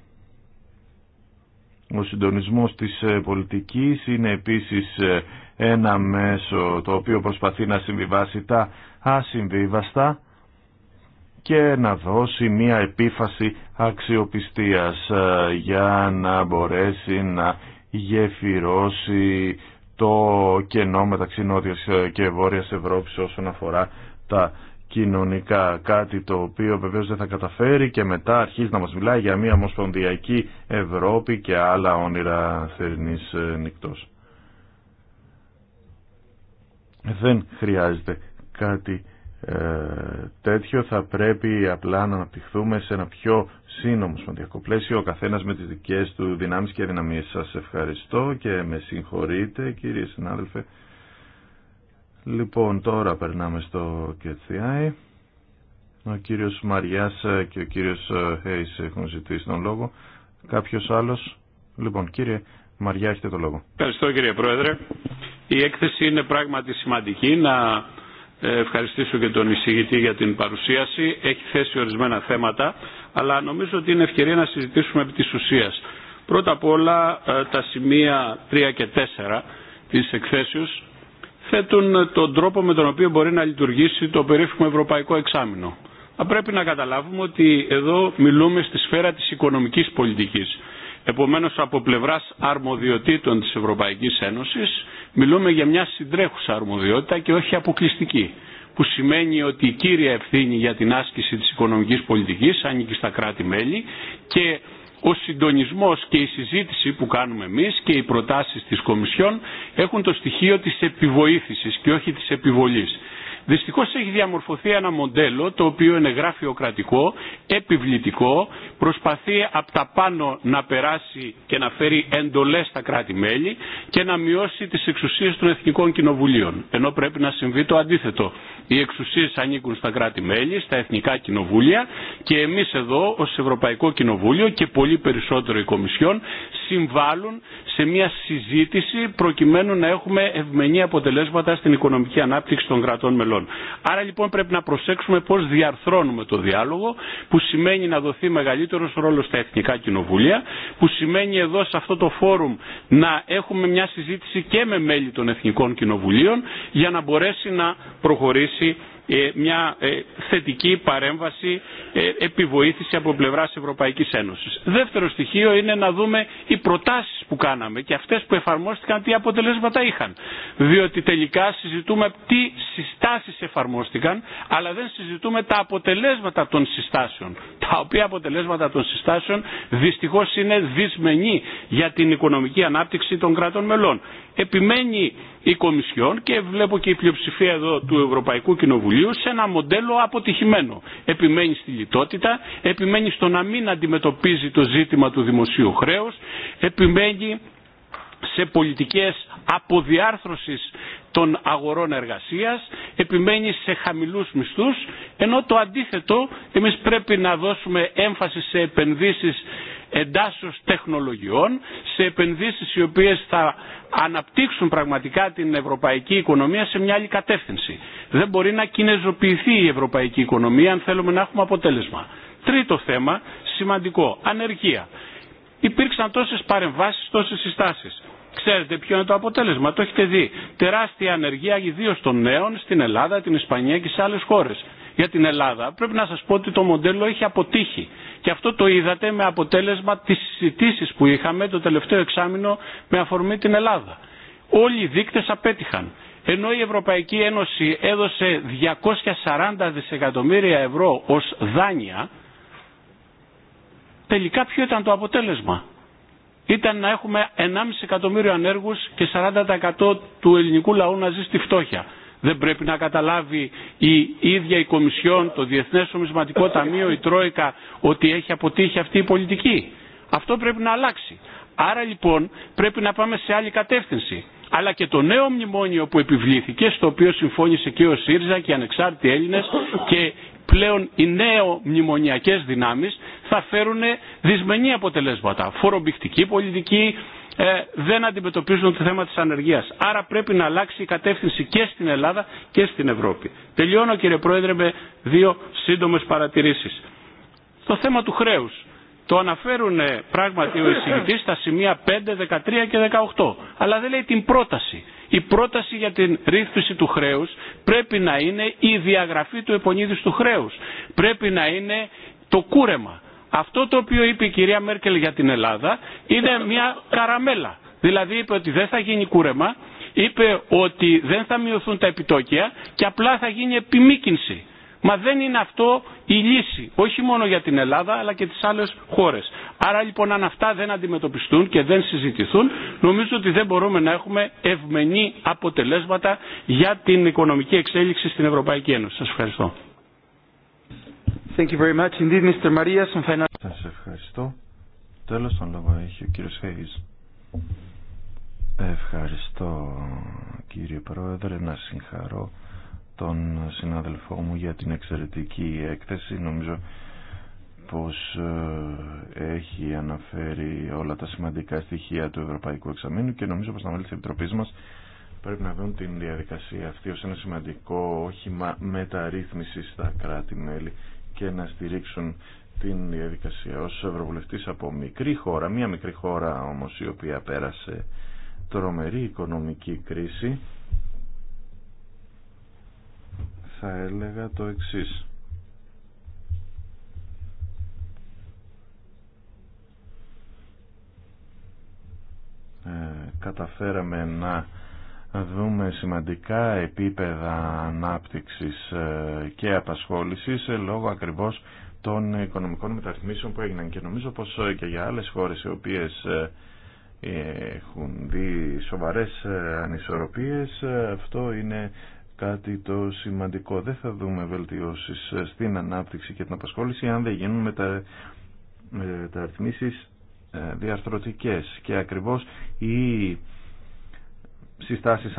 Ο συντονισμός της ε, πολιτικής είναι επίσης ε, ένα μέσο το οποίο προσπαθεί να συμβιβάσει τα ασυμβίβαστα και να δώσει μία επίφαση αξιοπιστίας ε, για να μπορέσει να γεφυρώσει το κενό μεταξύ Νότιας και Βόρειας Ευρώπης όσον αφορά τα κοινωνικά. Κάτι το οποίο βεβαίω δεν θα καταφέρει και μετά αρχίζει να μας μιλάει για μια ομοσπονδιακή Ευρώπη και άλλα όνειρα θερινής ε, νυχτός. Δεν χρειάζεται κάτι ε, τέτοιο θα πρέπει απλά να αναπτυχθούμε σε ένα πιο σύνομο σπονδιακό πλαίσιο, ο καθένας με τις δικές του δυνάμεις και δυναμίες. Σας ευχαριστώ και με συγχωρείτε κύριε συνάδελφε Λοιπόν, τώρα περνάμε στο KTI. Ο κύριος Μαριάς και ο κύριος ε, Χέις έχουν ζητήσει τον λόγο. Κάποιος άλλος. Λοιπόν, κύριε Μαριά, έχετε το λόγο. Ευχαριστώ κύριε Πρόεδρε. Η έκθεση είναι πράγματι σημαντική. Να ε, ευχαριστήσω και τον εισηγητή για την παρουσίαση. Έχει θέσει ορισμένα θέματα, αλλά νομίζω ότι είναι ευκαιρία να συζητήσουμε επί της ουσίας. Πρώτα απ' όλα ε, τα σημεία 3 και 4 της εκθέσεως θέτουν τον τρόπο με τον οποίο μπορεί να λειτουργήσει το περίφημο ευρωπαϊκό εξάμεινο. Θα πρέπει να καταλάβουμε ότι εδώ μιλούμε στη σφαίρα της οικονομικής πολιτικής. Επομένως από πλευράς αρμοδιοτήτων της Ευρωπαϊκής Ένωσης μιλούμε για μια συντρέχουσα αρμοδιότητα και όχι αποκλειστική που σημαίνει ότι η κύρια ευθύνη για την άσκηση της οικονομικής πολιτικής ανήκει στα κράτη-μέλη και ο συντονισμός και η συζήτηση που κάνουμε εμείς και οι προτάσεις της Κομισιόν έχουν το στοιχείο της επιβοήθησης και όχι της επιβολής. Δυστυχώς έχει διαμορφωθεί ένα μοντέλο το οποίο είναι γραφειοκρατικό, επιβλητικό, προσπαθεί από τα πάνω να περάσει και να φέρει εντολές στα κράτη-μέλη και να μειώσει τις εξουσίες των εθνικών κοινοβουλίων. Ενώ πρέπει να συμβεί το αντίθετο. Οι εξουσίες ανήκουν στα κράτη-μέλη, στα εθνικά κοινοβούλια και εμείς εδώ ως Ευρωπαϊκό Κοινοβούλιο και πολύ περισσότερο η Κομισιόν συμβάλλουν σε μια συζήτηση προκειμένου να έχουμε ευμενή αποτελέσματα στην οικονομική ανάπτυξη των κρατών μελών. Άρα λοιπόν πρέπει να προσέξουμε πώς διαρθρώνουμε το διάλογο που σημαίνει να δοθεί μεγαλύτερος ρόλος στα εθνικά κοινοβούλια που σημαίνει εδώ σε αυτό το φόρουμ να έχουμε μια συζήτηση και με μέλη των εθνικών κοινοβουλίων για να μπορέσει να προχωρήσει ε, μια ε, θετική παρέμβαση ε, επιβοήθηση από πλευρά της Ευρωπαϊκής Ένωσης. Δεύτερο στοιχείο είναι να δούμε οι προτάσεις που κάναμε και αυτές που εφαρμόστηκαν τι αποτελέσματα είχαν. Διότι τελικά συζητούμε τι συστάσεις εφαρμόστηκαν αλλά δεν συζητούμε τα αποτελέσματα των συστάσεων. Τα οποία αποτελέσματα των συστάσεων δυστυχώς είναι δυσμενή για την οικονομική ανάπτυξη των κρατών μελών. Επιμένει η Κομισιόν και βλέπω και η πλειοψηφία εδώ του Ευρωπαϊκού Κοινοβουλίου σε ένα μοντέλο αποτυχημένο. Επιμένει στη λιτότητα, επιμένει στο να μην αντιμετωπίζει το ζήτημα του δημοσίου χρέους, επιμένει σε πολιτικές αποδιάρθρωσης των αγορών εργασίας, επιμένει σε χαμηλούς μισθούς, ενώ το αντίθετο εμείς πρέπει να δώσουμε έμφαση σε επενδύσεις εντάσσεως τεχνολογιών, σε επενδύσεις οι οποίες θα αναπτύξουν πραγματικά την ευρωπαϊκή οικονομία σε μια άλλη κατεύθυνση. Δεν μπορεί να κινεζοποιηθεί η ευρωπαϊκή οικονομία αν θέλουμε να έχουμε αποτέλεσμα. Τρίτο θέμα, σημαντικό, ανεργία. Υπήρξαν τόσες παρεμβάσεις, τόσες συστάσεις. Ξέρετε ποιο είναι το αποτέλεσμα, το έχετε δει. Τεράστια ανεργία ιδίω των νέων στην Ελλάδα, την Ισπανία και σε άλλες χώρες για την Ελλάδα, πρέπει να σας πω ότι το μοντέλο έχει αποτύχει. Και αυτό το είδατε με αποτέλεσμα τις συζητήσεις που είχαμε το τελευταίο εξάμεινο με αφορμή την Ελλάδα. Όλοι οι δείκτες απέτυχαν. Ενώ η Ευρωπαϊκή Ένωση έδωσε 240 δισεκατομμύρια ευρώ ως δάνεια, τελικά ποιο ήταν το αποτέλεσμα. Ήταν να έχουμε 1,5 εκατομμύριο ανέργους και 40% του ελληνικού λαού να ζει στη φτώχεια δεν πρέπει να καταλάβει η ίδια η Κομισιόν, το Διεθνές Ομισματικό Ταμείο, η Τρόικα ότι έχει αποτύχει αυτή η πολιτική. Αυτό πρέπει να αλλάξει. Άρα λοιπόν πρέπει να πάμε σε άλλη κατεύθυνση. Αλλά και το νέο μνημόνιο που επιβλήθηκε, στο οποίο συμφώνησε και ο ΣΥΡΙΖΑ και οι ανεξάρτητοι Έλληνες και πλέον οι νέο μνημονιακές δυνάμεις θα φέρουν δυσμενή αποτελέσματα. Φορομπηκτική πολιτική, ε, δεν αντιμετωπίζουν το θέμα της ανεργίας. Άρα πρέπει να αλλάξει η κατεύθυνση και στην Ελλάδα και στην Ευρώπη. Τελειώνω κύριε Πρόεδρε με δύο σύντομες παρατηρήσεις. Το θέμα του χρέους. Το αναφέρουν ε, πράγματι ο εισηγητής στα σημεία 5, 13 και 18. Αλλά δεν λέει την πρόταση. Η πρόταση για την ρύθμιση του χρέους πρέπει να είναι η διαγραφή του επονίδης του χρέους. Πρέπει να είναι το κούρεμα αυτό το οποίο είπε η κυρία Μέρκελ για την Ελλάδα είναι μια καραμέλα. Δηλαδή είπε ότι δεν θα γίνει κούρεμα, είπε ότι δεν θα μειωθούν τα επιτόκια και απλά θα γίνει επιμήκυνση. Μα δεν είναι αυτό η λύση, όχι μόνο για την Ελλάδα αλλά και τις άλλες χώρες. Άρα λοιπόν αν αυτά δεν αντιμετωπιστούν και δεν συζητηθούν, νομίζω ότι δεν μπορούμε να έχουμε ευμενή αποτελέσματα για την οικονομική εξέλιξη στην Ευρωπαϊκή Ένωση. Σας ευχαριστώ. Thank you very much. Indeed, Mr. Σα ευχαριστώ. Τέλο τον λόγο έχει ο κύριο Χέι. Ευχαριστώ κύριε Πρόεδρε να συγχαρώ τον συνάδελφό μου για την εξαιρετική έκθεση. Νομίζω πως ε, έχει αναφέρει όλα τα σημαντικά στοιχεία του Ευρωπαϊκού Εξαμήνου και νομίζω πως τα μέλη της Επιτροπής μας πρέπει να δουν την διαδικασία αυτή ως ένα σημαντικό όχημα μεταρρύθμιση στα κράτη-μέλη και να στηρίξουν την διαδικασία ως ευρωβουλευτής από μικρή χώρα, μία μικρή χώρα όμως η οποία πέρασε τρομερή οικονομική κρίση θα έλεγα το εξής ε, καταφέραμε να δούμε σημαντικά επίπεδα ανάπτυξης ε, και απασχόλησης ε, λόγω ακριβώς των οικονομικών μεταρρυθμίσεων που έγιναν και νομίζω πως ε, και για άλλες χώρες οι οποίες ε, ε, έχουν δει σοβαρές ανισορροπίες αυτό είναι κάτι το σημαντικό. Δεν θα δούμε βελτιώσεις στην ανάπτυξη και την απασχόληση αν δεν γίνουν μετα... μεταρρυθμίσεις διαρθρωτικές και ακριβώς οι συστάσεις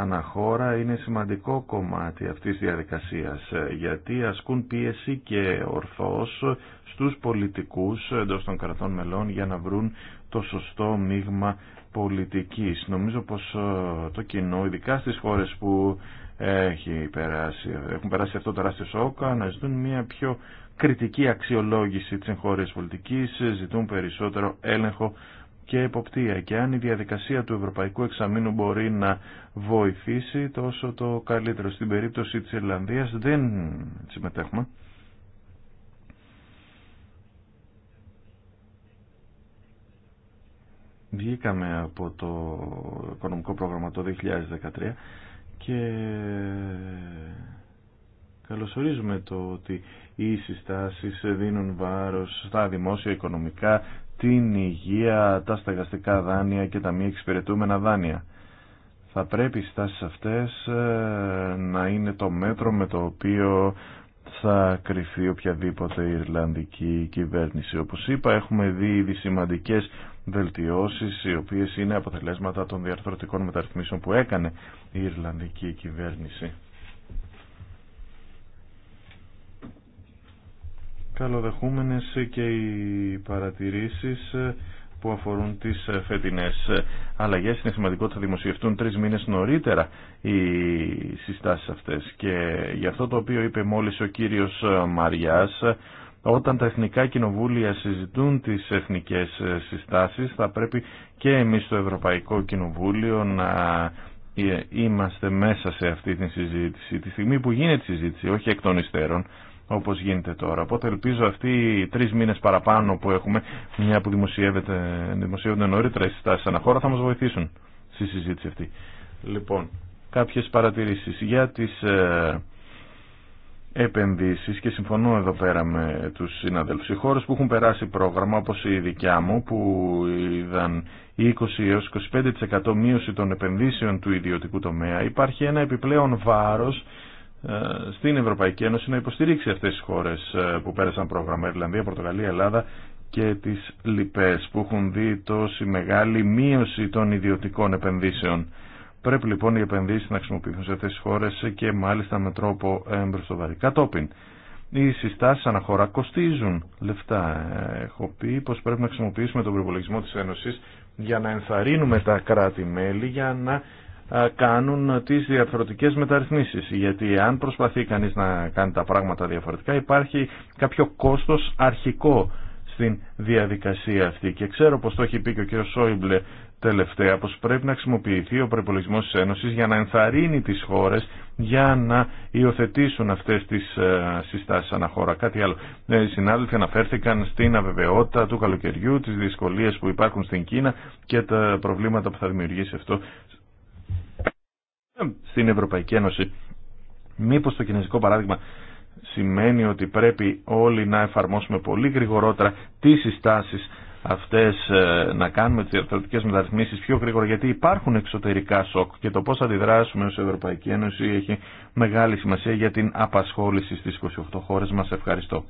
αναχώρα είναι σημαντικό κομμάτι αυτής της διαδικασίας ε, γιατί ασκούν πίεση και ορθώς στους πολιτικούς εντός των κρατών μελών για να βρουν το σωστό μείγμα πολιτικής. Νομίζω πως ε, το κοινό, ειδικά στις χώρες που έχει περάσει, έχουν περάσει αυτό το τεράστιο να ζητούν μια πιο κριτική αξιολόγηση της εγχώριας πολιτικής, ε, ζητούν περισσότερο έλεγχο και εποπτεία και αν η διαδικασία του Ευρωπαϊκού Εξαμήνου μπορεί να βοηθήσει τόσο το καλύτερο. Στην περίπτωση της Ιρλανδίας δεν συμμετέχουμε. Βγήκαμε από το οικονομικό πρόγραμμα το 2013 και καλωσορίζουμε το ότι οι συστάσεις δίνουν βάρος στα δημόσια οικονομικά, την υγεία, τα σταγαστικά δάνεια και τα μη εξυπηρετούμενα δάνεια. Θα πρέπει οι στάσεις αυτές ε, να είναι το μέτρο με το οποίο θα κρυφτεί οποιαδήποτε Ιρλανδική κυβέρνηση. Όπως είπα έχουμε δει ήδη σημαντικές βελτιώσεις οι οποίες είναι αποτελέσματα των διαρθρωτικών μεταρρυθμίσεων που έκανε η Ιρλανδική κυβέρνηση. καλοδεχούμενες και οι παρατηρήσεις που αφορούν τις φετινές αλλαγές. Είναι σημαντικό ότι θα δημοσιευτούν τρεις μήνες νωρίτερα οι συστάσεις αυτές. Και για αυτό το οποίο είπε μόλις ο κύριος Μαριάς, όταν τα εθνικά κοινοβούλια συζητούν τις εθνικές συστάσεις, θα πρέπει και εμείς στο Ευρωπαϊκό Κοινοβούλιο να είμαστε μέσα σε αυτή τη συζήτηση. Τη στιγμή που γίνεται η συζήτηση, όχι εκ των υστέρων, όπως γίνεται τώρα. Οπότε ελπίζω αυτοί οι τρεις μήνες παραπάνω που έχουμε, μια που δημοσιεύονται νωρίτερα οι συστάσεις χώρα θα μας βοηθήσουν στη συζήτηση αυτή. Λοιπόν, κάποιες παρατηρήσεις για τις ε, επενδύσεις και συμφωνώ εδώ πέρα με τους συναδέλφους. Οι χώρες που έχουν περάσει πρόγραμμα όπως η δικιά μου που είδαν 20 έω 25% μείωση των επενδύσεων του ιδιωτικού τομέα υπάρχει ένα επιπλέον βάρος ε, στην Ευρωπαϊκή Ένωση να υποστηρίξει αυτές τις χώρες ε, που πέρασαν πρόγραμμα Ιρλανδία, Πορτογαλία, Ελλάδα και τις λοιπές που έχουν δει τόση μεγάλη μείωση των ιδιωτικών επενδύσεων. Πρέπει λοιπόν οι επενδύσεις να χρησιμοποιηθούν σε αυτές τις χώρες και μάλιστα με τρόπο εμπροστοβαρή. Κατόπιν, οι συστάσεις αναχώρα κοστίζουν λεφτά. Έχω πει πως πρέπει να χρησιμοποιήσουμε τον προπολογισμό της Ένωσης για να ενθαρρύνουμε τα κράτη-μέλη για να κάνουν τις διαρθρωτικές μεταρρυθμίσεις. Γιατί αν προσπαθεί κανείς να κάνει τα πράγματα διαφορετικά υπάρχει κάποιο κόστος αρχικό στην διαδικασία αυτή. Και ξέρω πως το έχει πει και ο κ. Σόιμπλε τελευταία, πως πρέπει να χρησιμοποιηθεί ο προπολογισμό της Ένωσης για να ενθαρρύνει τις χώρες για να υιοθετήσουν αυτές τις συστάσεις αναχώρα. Κάτι άλλο. Ε, οι συνάδελφοι αναφέρθηκαν στην αβεβαιότητα του καλοκαιριού, τις δυσκολίες που υπάρχουν στην Κίνα και τα προβλήματα που θα δημιουργήσει αυτό ε, στην Ευρωπαϊκή Ένωση. Μήπως το κινέζικο παράδειγμα σημαίνει ότι πρέπει όλοι να εφαρμόσουμε πολύ γρηγορότερα τις συστάσεις αυτές ε, να κάνουμε τις διαρθρωτικέ μεταρρυθμίσεις πιο γρήγορα γιατί υπάρχουν εξωτερικά σοκ και το πώς αντιδράσουμε ως Ευρωπαϊκή Ένωση έχει μεγάλη σημασία για την απασχόληση στις 28 χώρες μας. Ευχαριστώ.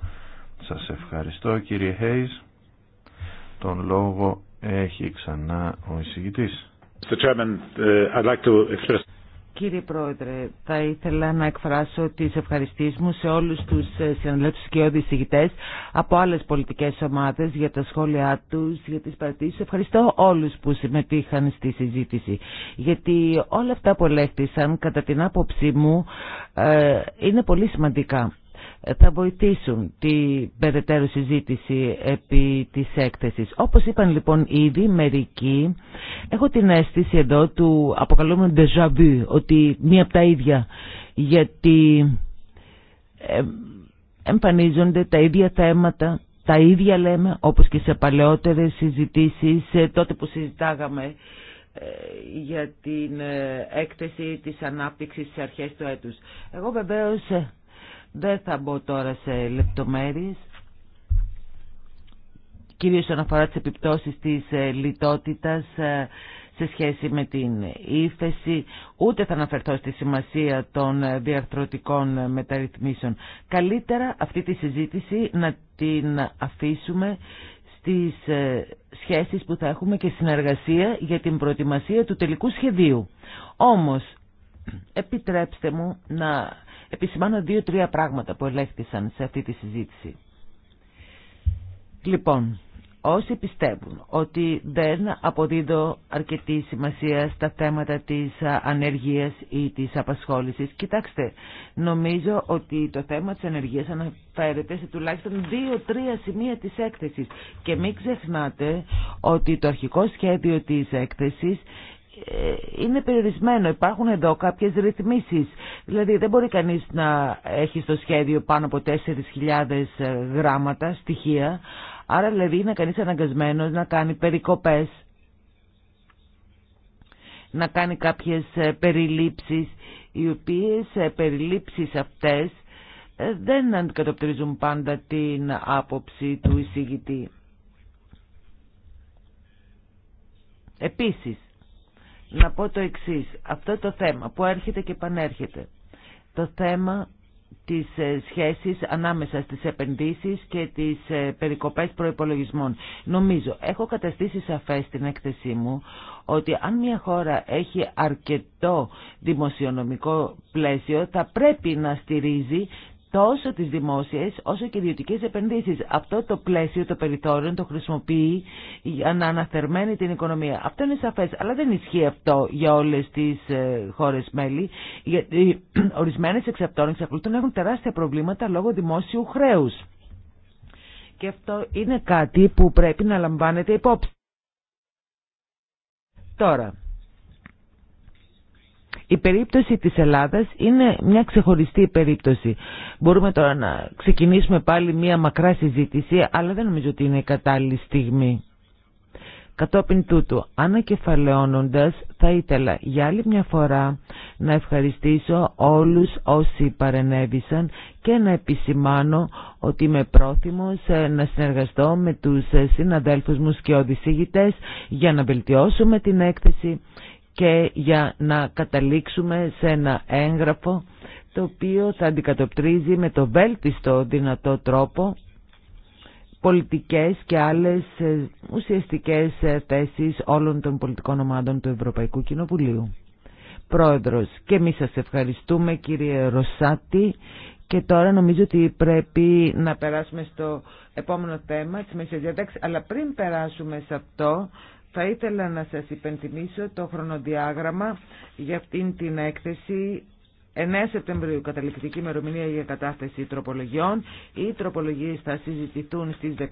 Σας ευχαριστώ κύριε Χέι. Τον λόγο έχει ξανά ο εισηγητής. Κύριε Πρόεδρε, θα ήθελα να εκφράσω τις ευχαριστίες μου σε όλους τους ε, συναλλεύσεις και οδησηγητές από άλλες πολιτικές ομάδες για τα σχόλιά τους, για τις παρατηρήσεις. Ευχαριστώ όλους που συμμετείχαν στη συζήτηση, γιατί όλα αυτά που ελέγχθησαν, κατά την άποψή μου, ε, είναι πολύ σημαντικά ε, θα βοηθήσουν την περαιτέρω συζήτηση επί της έκθεσης. Όπως είπαν λοιπόν ήδη μερικοί, Έχω την αίσθηση εδώ του αποκαλούμενου déjà vu, ότι μία από τα ίδια, γιατί ε, εμφανίζονται τα ίδια θέματα, τα ίδια λέμε, όπως και σε παλαιότερες συζητήσεις, ε, τότε που συζητάγαμε ε, για την έκθεση της ανάπτυξης σε αρχές του έτους. Εγώ βεβαίως δεν θα μπω τώρα σε λεπτομέρειες, κυρίως όσον αφορά τις επιπτώσεις της ε, λιτότητας ε, σε σχέση με την ύφεση, ούτε θα αναφερθώ στη σημασία των ε, διαρθρωτικών μεταρρυθμίσεων. Καλύτερα αυτή τη συζήτηση να την αφήσουμε στις σχέσεις που θα έχουμε και συνεργασία για την προετοιμασία του τελικού σχεδίου. Όμως, επιτρέψτε μου να επισημάνω δύο-τρία πράγματα που ελέγχθησαν σε αυτή τη συζήτηση. Λοιπόν, Όσοι πιστεύουν ότι δεν αποδίδω αρκετή σημασία στα θέματα της ανεργίας ή της απασχόλησης, κοιτάξτε, νομίζω ότι το θέμα της ανεργίας αναφέρεται σε τουλάχιστον δύο-τρία σημεία της έκθεσης. Και μην ξεχνάτε ότι το αρχικό σχέδιο της έκθεσης ε, είναι περιορισμένο. Υπάρχουν εδώ κάποιες ρυθμίσεις. Δηλαδή δεν μπορεί κανείς να έχει στο σχέδιο πάνω από 4.000 ε, γράμματα, στοιχεία, Άρα δηλαδή είναι κανείς αναγκασμένος να κάνει περικοπές, να κάνει κάποιες ε, περιλήψεις, οι οποίες ε, περιλήψεις αυτές ε, δεν αντικατοπτρίζουν πάντα την άποψη του εισηγητή. Επίσης, να πω το εξής, αυτό το θέμα που έρχεται και επανέρχεται, το θέμα τις ε, σχέσεις ανάμεσα στις επενδύσεις και τις ε, περικοπές προϋπολογισμών. Νομίζω, έχω καταστήσει σαφές την έκθεσή μου ότι αν μια χώρα έχει αρκετό δημοσιονομικό πλαίσιο θα πρέπει να στηρίζει τόσο τις δημόσιες όσο και ιδιωτικές επενδύσεις. Αυτό το πλαίσιο, το περιθώριο το χρησιμοποιεί για να αναθερμαίνει την οικονομία. Αυτό είναι σαφές, αλλά δεν ισχύει αυτό για όλες τις ε, χώρες μέλη, γιατί ορισμένες εξαπτών εξακολουθούν να έχουν τεράστια προβλήματα λόγω δημόσιου χρέους. Και αυτό είναι κάτι που πρέπει να λαμβάνετε υπόψη. Τώρα, η περίπτωση της Ελλάδας είναι μια ξεχωριστή περίπτωση. Μπορούμε τώρα να ξεκινήσουμε πάλι μια μακρά συζήτηση, αλλά δεν νομίζω ότι είναι η κατάλληλη στιγμή. Κατόπιν τούτου, ανακεφαλαιώνοντας, θα ήθελα για άλλη μια φορά να ευχαριστήσω όλους όσοι παρενέβησαν και να επισημάνω ότι είμαι πρόθυμος ε, να συνεργαστώ με τους συναδέλφους μου και οδησίγητες για να βελτιώσουμε την έκθεση και για να καταλήξουμε σε ένα έγγραφο το οποίο θα αντικατοπτρίζει με το βέλτιστο δυνατό τρόπο πολιτικές και άλλες ε, ουσιαστικές ε, θέσεις όλων των πολιτικών ομάδων του Ευρωπαϊκού Κοινοβουλίου. Πρόεδρος, και εμείς σας ευχαριστούμε κύριε Ρωσάτη και τώρα νομίζω ότι πρέπει να περάσουμε στο επόμενο θέμα της Μεσοδιάταξης, αλλά πριν περάσουμε σε αυτό θα ήθελα να σας υπενθυμίσω το χρονοδιάγραμμα για αυτήν την έκθεση 9 Σεπτεμβρίου, καταληκτική ημερομηνία για κατάθεση τροπολογιών. Οι τροπολογίες θα συζητηθούν στις 13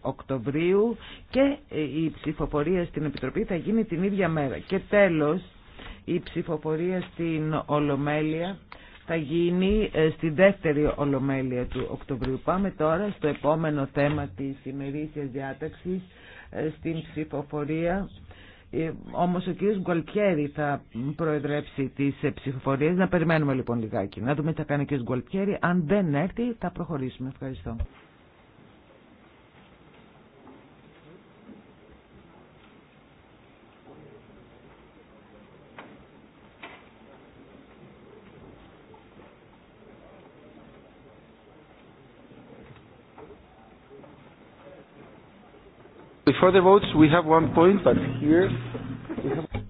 Οκτωβρίου και η ψηφοφορία στην Επιτροπή θα γίνει την ίδια μέρα. Και τέλος, η ψηφοφορία στην Ολομέλεια θα γίνει ε, στη δεύτερη Ολομέλεια του Οκτωβρίου. Πάμε τώρα στο επόμενο θέμα της ημερήσιας διάταξης στην ψηφοφορία. Ε, όμως ο κ. Γκολτιέρη θα προεδρέψει τις ε, ψηφοφορίες. Να περιμένουμε λοιπόν λιγάκι. Να δούμε τι θα κάνει ο κ. Γκολτιέρη. Αν δεν έρθει θα προχωρήσουμε. Ευχαριστώ.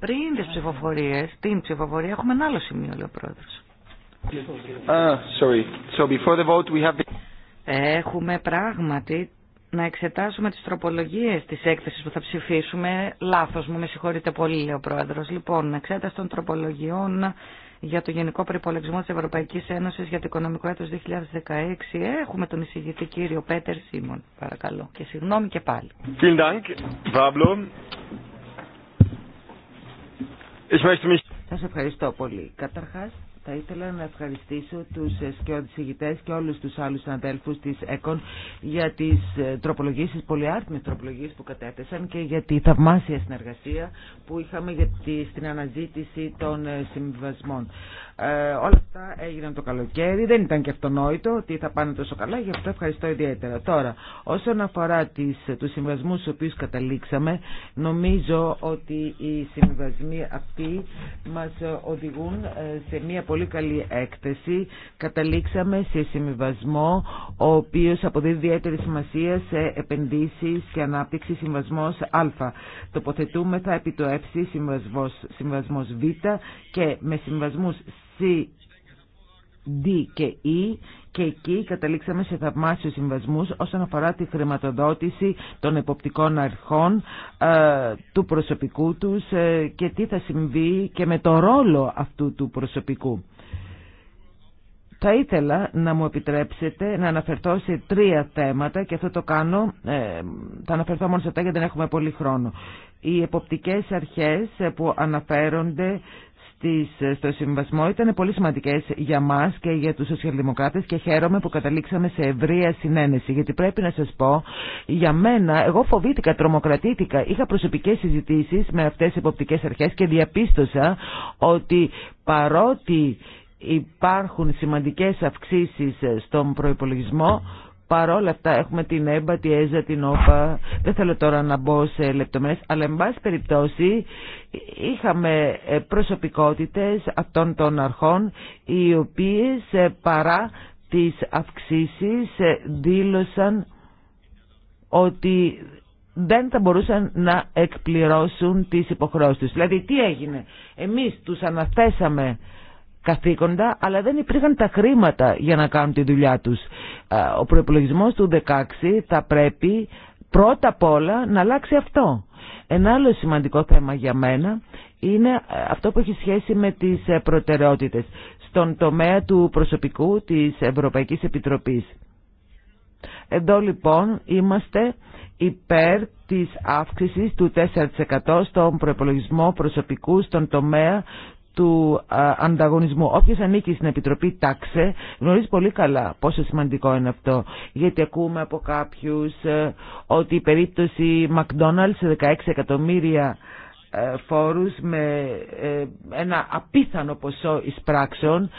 Πριν τις ψηφοφορίες, την ψηφοφορία έχουμε ένα άλλο σημείο, λέει ο πρόεδρος. Ah, έχουμε πράγματι να εξετάσουμε τις τροπολογίες της έκθεσης που θα ψηφίσουμε. Λάθος μου, με συγχωρείτε πολύ, λέει ο Πρόεδρος. Λοιπόν, εξέταση των τροπολογιών για το Γενικό Προπολογισμό της Ευρωπαϊκής Ένωσης για το Οικονομικό Έτος 2016. Έχουμε τον εισηγητή κύριο Πέτερ Σίμων, παρακαλώ. Και συγγνώμη και πάλι. Σας ευχαριστώ πολύ. Καταρχάς, θα ήθελα να ευχαριστήσω τους σκιώδης και όλους τους άλλους συναδέλφους της ΕΚΟΝ για τις ε, τροπολογίες, πολύ πολυάριθμες τροπολογίες που κατέθεσαν και για τη θαυμάσια συνεργασία που είχαμε για τη, στην αναζήτηση των ε, συμβιβασμών. Ε, όλα αυτά έγιναν το καλοκαίρι, δεν ήταν και αυτονόητο ότι θα πάνε τόσο καλά, γι' αυτό ευχαριστώ ιδιαίτερα. Τώρα, όσον αφορά του τους συμβασμούς στους καταλήξαμε, νομίζω ότι οι συμβασμοί αυτοί μας ε, οδηγούν σε μια πολύ πολύ καλή έκθεση. Καταλήξαμε σε συμβιβασμό, ο οποίος αποδίδει ιδιαίτερη σημασία σε επενδύσεις και ανάπτυξη Συμβασμό Α. Τοποθετούμεθα επί το ΕΦΣΥ συμβασμός, Β και με συμβασμούς C, D και E και εκεί καταλήξαμε σε θαυμάσιους συμβασμούς όσον αφορά τη χρηματοδότηση των εποπτικών αρχών ε, του προσωπικού τους ε, και τι θα συμβεί και με το ρόλο αυτού του προσωπικού. Θα ήθελα να μου επιτρέψετε να αναφερθώ σε τρία θέματα και αυτό το κάνω, ε, θα αναφερθώ μόνο σε αυτά γιατί δεν έχουμε πολύ χρόνο. Οι εποπτικές αρχές που αναφέρονται στις, ε, στο συμβασμό ήταν πολύ σημαντικές για μας και για τους σοσιαλδημοκράτες και χαίρομαι που καταλήξαμε σε ευρεία συνένεση γιατί πρέπει να σας πω για μένα εγώ φοβήθηκα, τρομοκρατήθηκα είχα προσωπικές συζητήσεις με αυτές τις εποπτικές αρχές και διαπίστωσα ότι παρότι υπάρχουν σημαντικές αυξήσεις στον προϋπολογισμό παρόλα αυτά έχουμε την ΕΜΠΑ, τη ΕΖΑ, την ΟΠΑ. Δεν θέλω τώρα να μπω σε λεπτομέρειες, αλλά εν πάση περιπτώσει είχαμε ε, προσωπικότητες αυτών των αρχών οι οποίες ε, παρά τις αυξήσεις ε, δήλωσαν ότι δεν θα μπορούσαν να εκπληρώσουν τις υποχρεώσεις τους. Δηλαδή τι έγινε, εμείς τους αναθέσαμε καθήκοντα, αλλά δεν υπήρχαν τα χρήματα για να κάνουν τη δουλειά τους. Ε, ο προπολογισμό του 16 θα πρέπει πρώτα απ' όλα να αλλάξει αυτό. Ένα άλλο σημαντικό θέμα για μένα είναι ε, αυτό που έχει σχέση με τις ε, προτεραιότητες στον τομέα του προσωπικού της Ευρωπαϊκής Επιτροπής. Εδώ λοιπόν είμαστε υπέρ της αύξησης του 4% στον προπολογισμό προσωπικού στον τομέα του ανταγωνισμού. Όποιος ανήκει στην Επιτροπή Τάξε γνωρίζει πολύ καλά πόσο σημαντικό είναι αυτό. Γιατί ακούμε από κάποιους ε, ότι η περίπτωση McDonald's σε 16 εκατομμύρια ε, φόρους με ε, ένα απίθανο ποσό εισπράξεων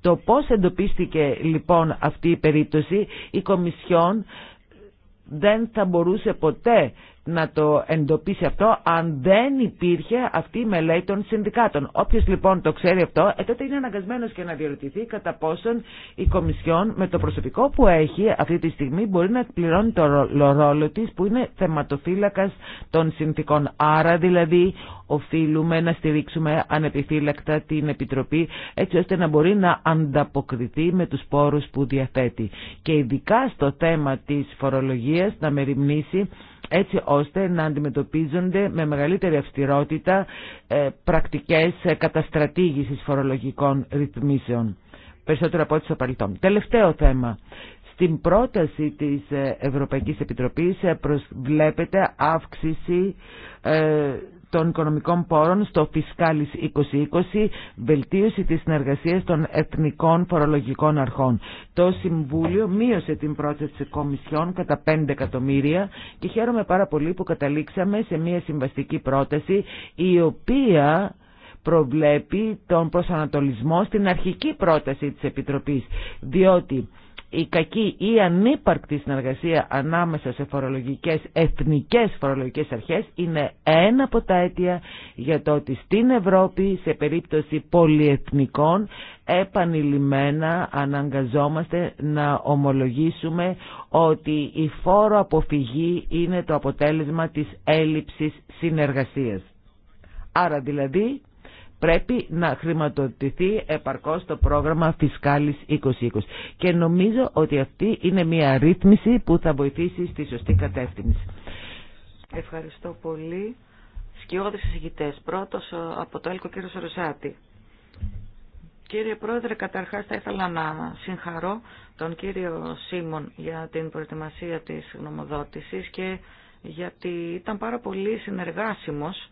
το πώς εντοπίστηκε λοιπόν αυτή η περίπτωση η Κομισιόν δεν θα μπορούσε ποτέ να το εντοπίσει αυτό αν δεν υπήρχε αυτή η μελέτη των συνδικάτων. Όποιο λοιπόν το ξέρει αυτό, ε, τότε είναι αναγκασμένο και να διαρωτηθεί κατά πόσον η Κομισιόν με το προσωπικό που έχει αυτή τη στιγμή μπορεί να εκπληρώνει το ρόλο τη που είναι θεματοφύλακα των συνθήκων. Άρα δηλαδή οφείλουμε να στηρίξουμε ανεπιφύλακτα την Επιτροπή έτσι ώστε να μπορεί να ανταποκριθεί με τους πόρους που διαθέτει. Και ειδικά στο θέμα της φορολογία να μεριμνήσει έτσι ώστε να αντιμετωπίζονται με μεγαλύτερη αυστηρότητα ε, πρακτικές ε, καταστρατήγησης φορολογικών ρυθμίσεων. Περισσότερο από ό,τι στο παρελθόν. Τελευταίο θέμα. Στην πρόταση της ε, Ευρωπαϊκής Επιτροπής προσβλέπεται αύξηση των οικονομικών πόρων στο Fiscalis 2020, βελτίωση της συνεργασίας των εθνικών φορολογικών αρχών. Το Συμβούλιο μείωσε την πρόσθεση κομισιών κατά 5 εκατομμύρια και χαίρομαι πάρα πολύ που καταλήξαμε σε μια συμβαστική πρόταση η οποία προβλέπει τον προσανατολισμό στην αρχική πρόταση της Επιτροπής, διότι η κακή ή ανύπαρκτη συνεργασία ανάμεσα σε φορολογικές, εθνικές φορολογικές αρχές είναι ένα από τα αίτια για το ότι στην Ευρώπη σε περίπτωση πολυεθνικών επανειλημμένα αναγκαζόμαστε να ομολογήσουμε ότι η φόρο αποφυγή είναι το αποτέλεσμα της έλλειψης συνεργασίας. Άρα δηλαδή πρέπει να χρηματοδοτηθεί επαρκώς το πρόγραμμα Φισκάλης 2020. Και νομίζω ότι αυτή είναι μια ρύθμιση που θα βοηθήσει στη σωστή κατεύθυνση. Ευχαριστώ πολύ. Σκιώδης εισηγητές. Πρώτος ε, από το έλκο κύριο Ρωσάτη. Κύριε Πρόεδρε, καταρχάς θα ήθελα να συγχαρώ τον κύριο Σίμων για την προετοιμασία της γνωμοδότησης και γιατί ήταν πάρα πολύ συνεργάσιμος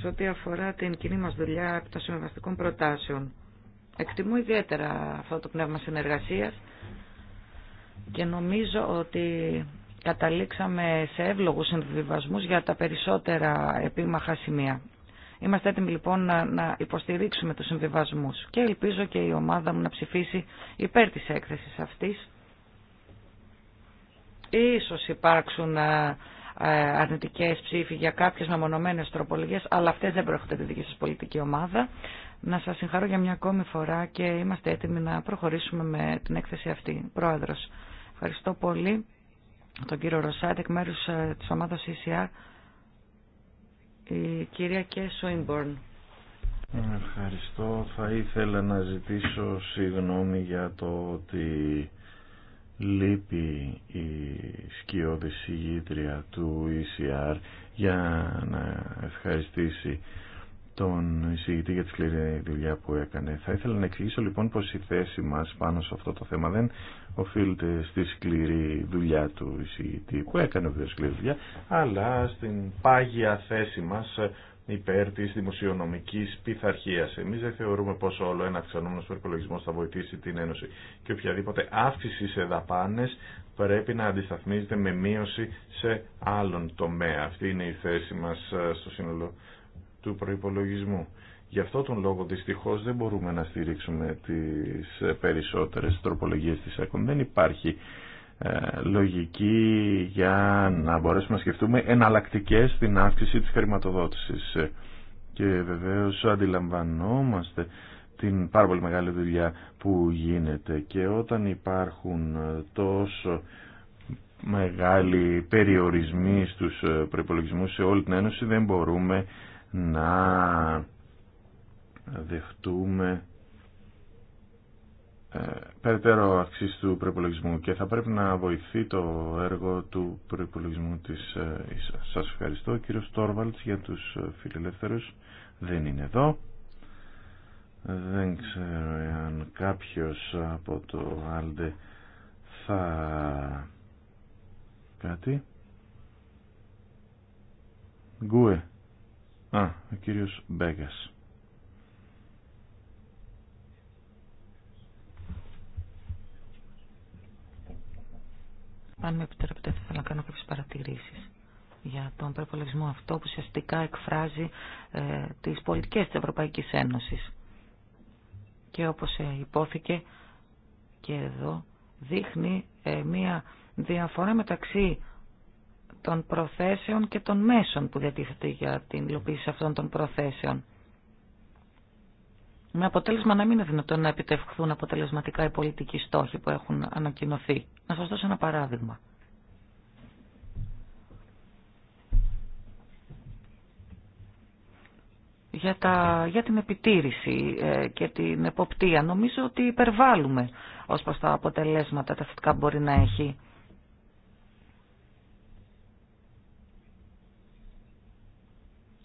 σε ό,τι αφορά την κοινή μας δουλειά από των συμβαστικών προτάσεων. Εκτιμώ ιδιαίτερα αυτό το πνεύμα συνεργασίας και νομίζω ότι καταλήξαμε σε εύλογους συμβιβασμούς για τα περισσότερα επίμαχα σημεία. Είμαστε έτοιμοι λοιπόν να, υποστηρίξουμε τους συμβιβασμούς και ελπίζω και η ομάδα μου να ψηφίσει υπέρ της έκθεσης αυτής. Ίσως υπάρξουν ε, ε, αρνητικές ψήφοι για κάποιες μεμονωμένες τροπολογίες, αλλά αυτές δεν προέρχονται τη δική σας πολιτική ομάδα. Να σας συγχαρώ για μια ακόμη φορά και είμαστε έτοιμοι να προχωρήσουμε με την έκθεση αυτή. Πρόεδρος, ευχαριστώ πολύ τον κύριο Ρωσάτη εκ μέρους ε, της ομάδας ECR, η κυρία Κέ Σουίμπορν. Ευχαριστώ. Θα ήθελα να ζητήσω συγγνώμη για το ότι λείπει η σκιώδη συγγήτρια του ECR για να ευχαριστήσει τον εισηγητή για τη σκληρή δουλειά που έκανε. Θα ήθελα να εξηγήσω λοιπόν πως η θέση μας πάνω σε αυτό το θέμα δεν οφείλεται στη σκληρή δουλειά του εισηγητή που έκανε βέβαια σκληρή δουλειά αλλά στην πάγια θέση μας υπέρ τη δημοσιονομικής πειθαρχία. Εμείς δεν θεωρούμε πως όλο ένα αυξανόμενο προπολογισμό θα βοηθήσει την Ένωση και οποιαδήποτε αύξηση σε δαπάνε πρέπει να αντισταθμίζεται με μείωση σε άλλον τομέα. Αυτή είναι η θέση μας ε, στο σύνολο του προπολογισμού. Γι' αυτό τον λόγο δυστυχώ δεν μπορούμε να στηρίξουμε τι ε, περισσότερε τροπολογίε τη ΕΚΟΝ. Δεν υπάρχει ε, λογική για να μπορέσουμε να σκεφτούμε εναλλακτικές στην αύξηση της χρηματοδότησης. Και βεβαίως αντιλαμβανόμαστε την πάρα πολύ μεγάλη δουλειά που γίνεται και όταν υπάρχουν τόσο μεγάλοι περιορισμοί στους προϋπολογισμούς σε όλη την Ένωση δεν μπορούμε να δεχτούμε ε, περαιτέρω αυξής του προπολογισμού και θα πρέπει να βοηθεί το έργο του προπολογισμού της ε, ΙΣΑ. Σας ευχαριστώ ο κύριος για τους ε, φιλελεύθερους. Δεν είναι εδώ. Δεν ξέρω αν κάποιος από το Άλντε θα... κάτι. Γκουε. Α, ο κύριος Μπέγκας. Αν με επιτρέπετε, θα ήθελα να κάνω κάποιε παρατηρήσει για τον προπολογισμό αυτό που ουσιαστικά εκφράζει ε, τις πολιτικές της Ευρωπαϊκής Ένωσης. Και όπως ε, υπόθηκε και εδώ, δείχνει ε, μία διαφορά μεταξύ των προθέσεων και των μέσων που διατίθεται για την υλοποίηση αυτών των προθέσεων. Με αποτέλεσμα να μην είναι δυνατόν να επιτευχθούν αποτελεσματικά οι πολιτικοί στόχοι που έχουν ανακοινωθεί. Να σας δώσω ένα παράδειγμα. Για, τα, για την επιτήρηση ε, και την εποπτεία. Νομίζω ότι υπερβάλλουμε ως προς τα αποτελέσματα τα θετικά μπορεί να έχει.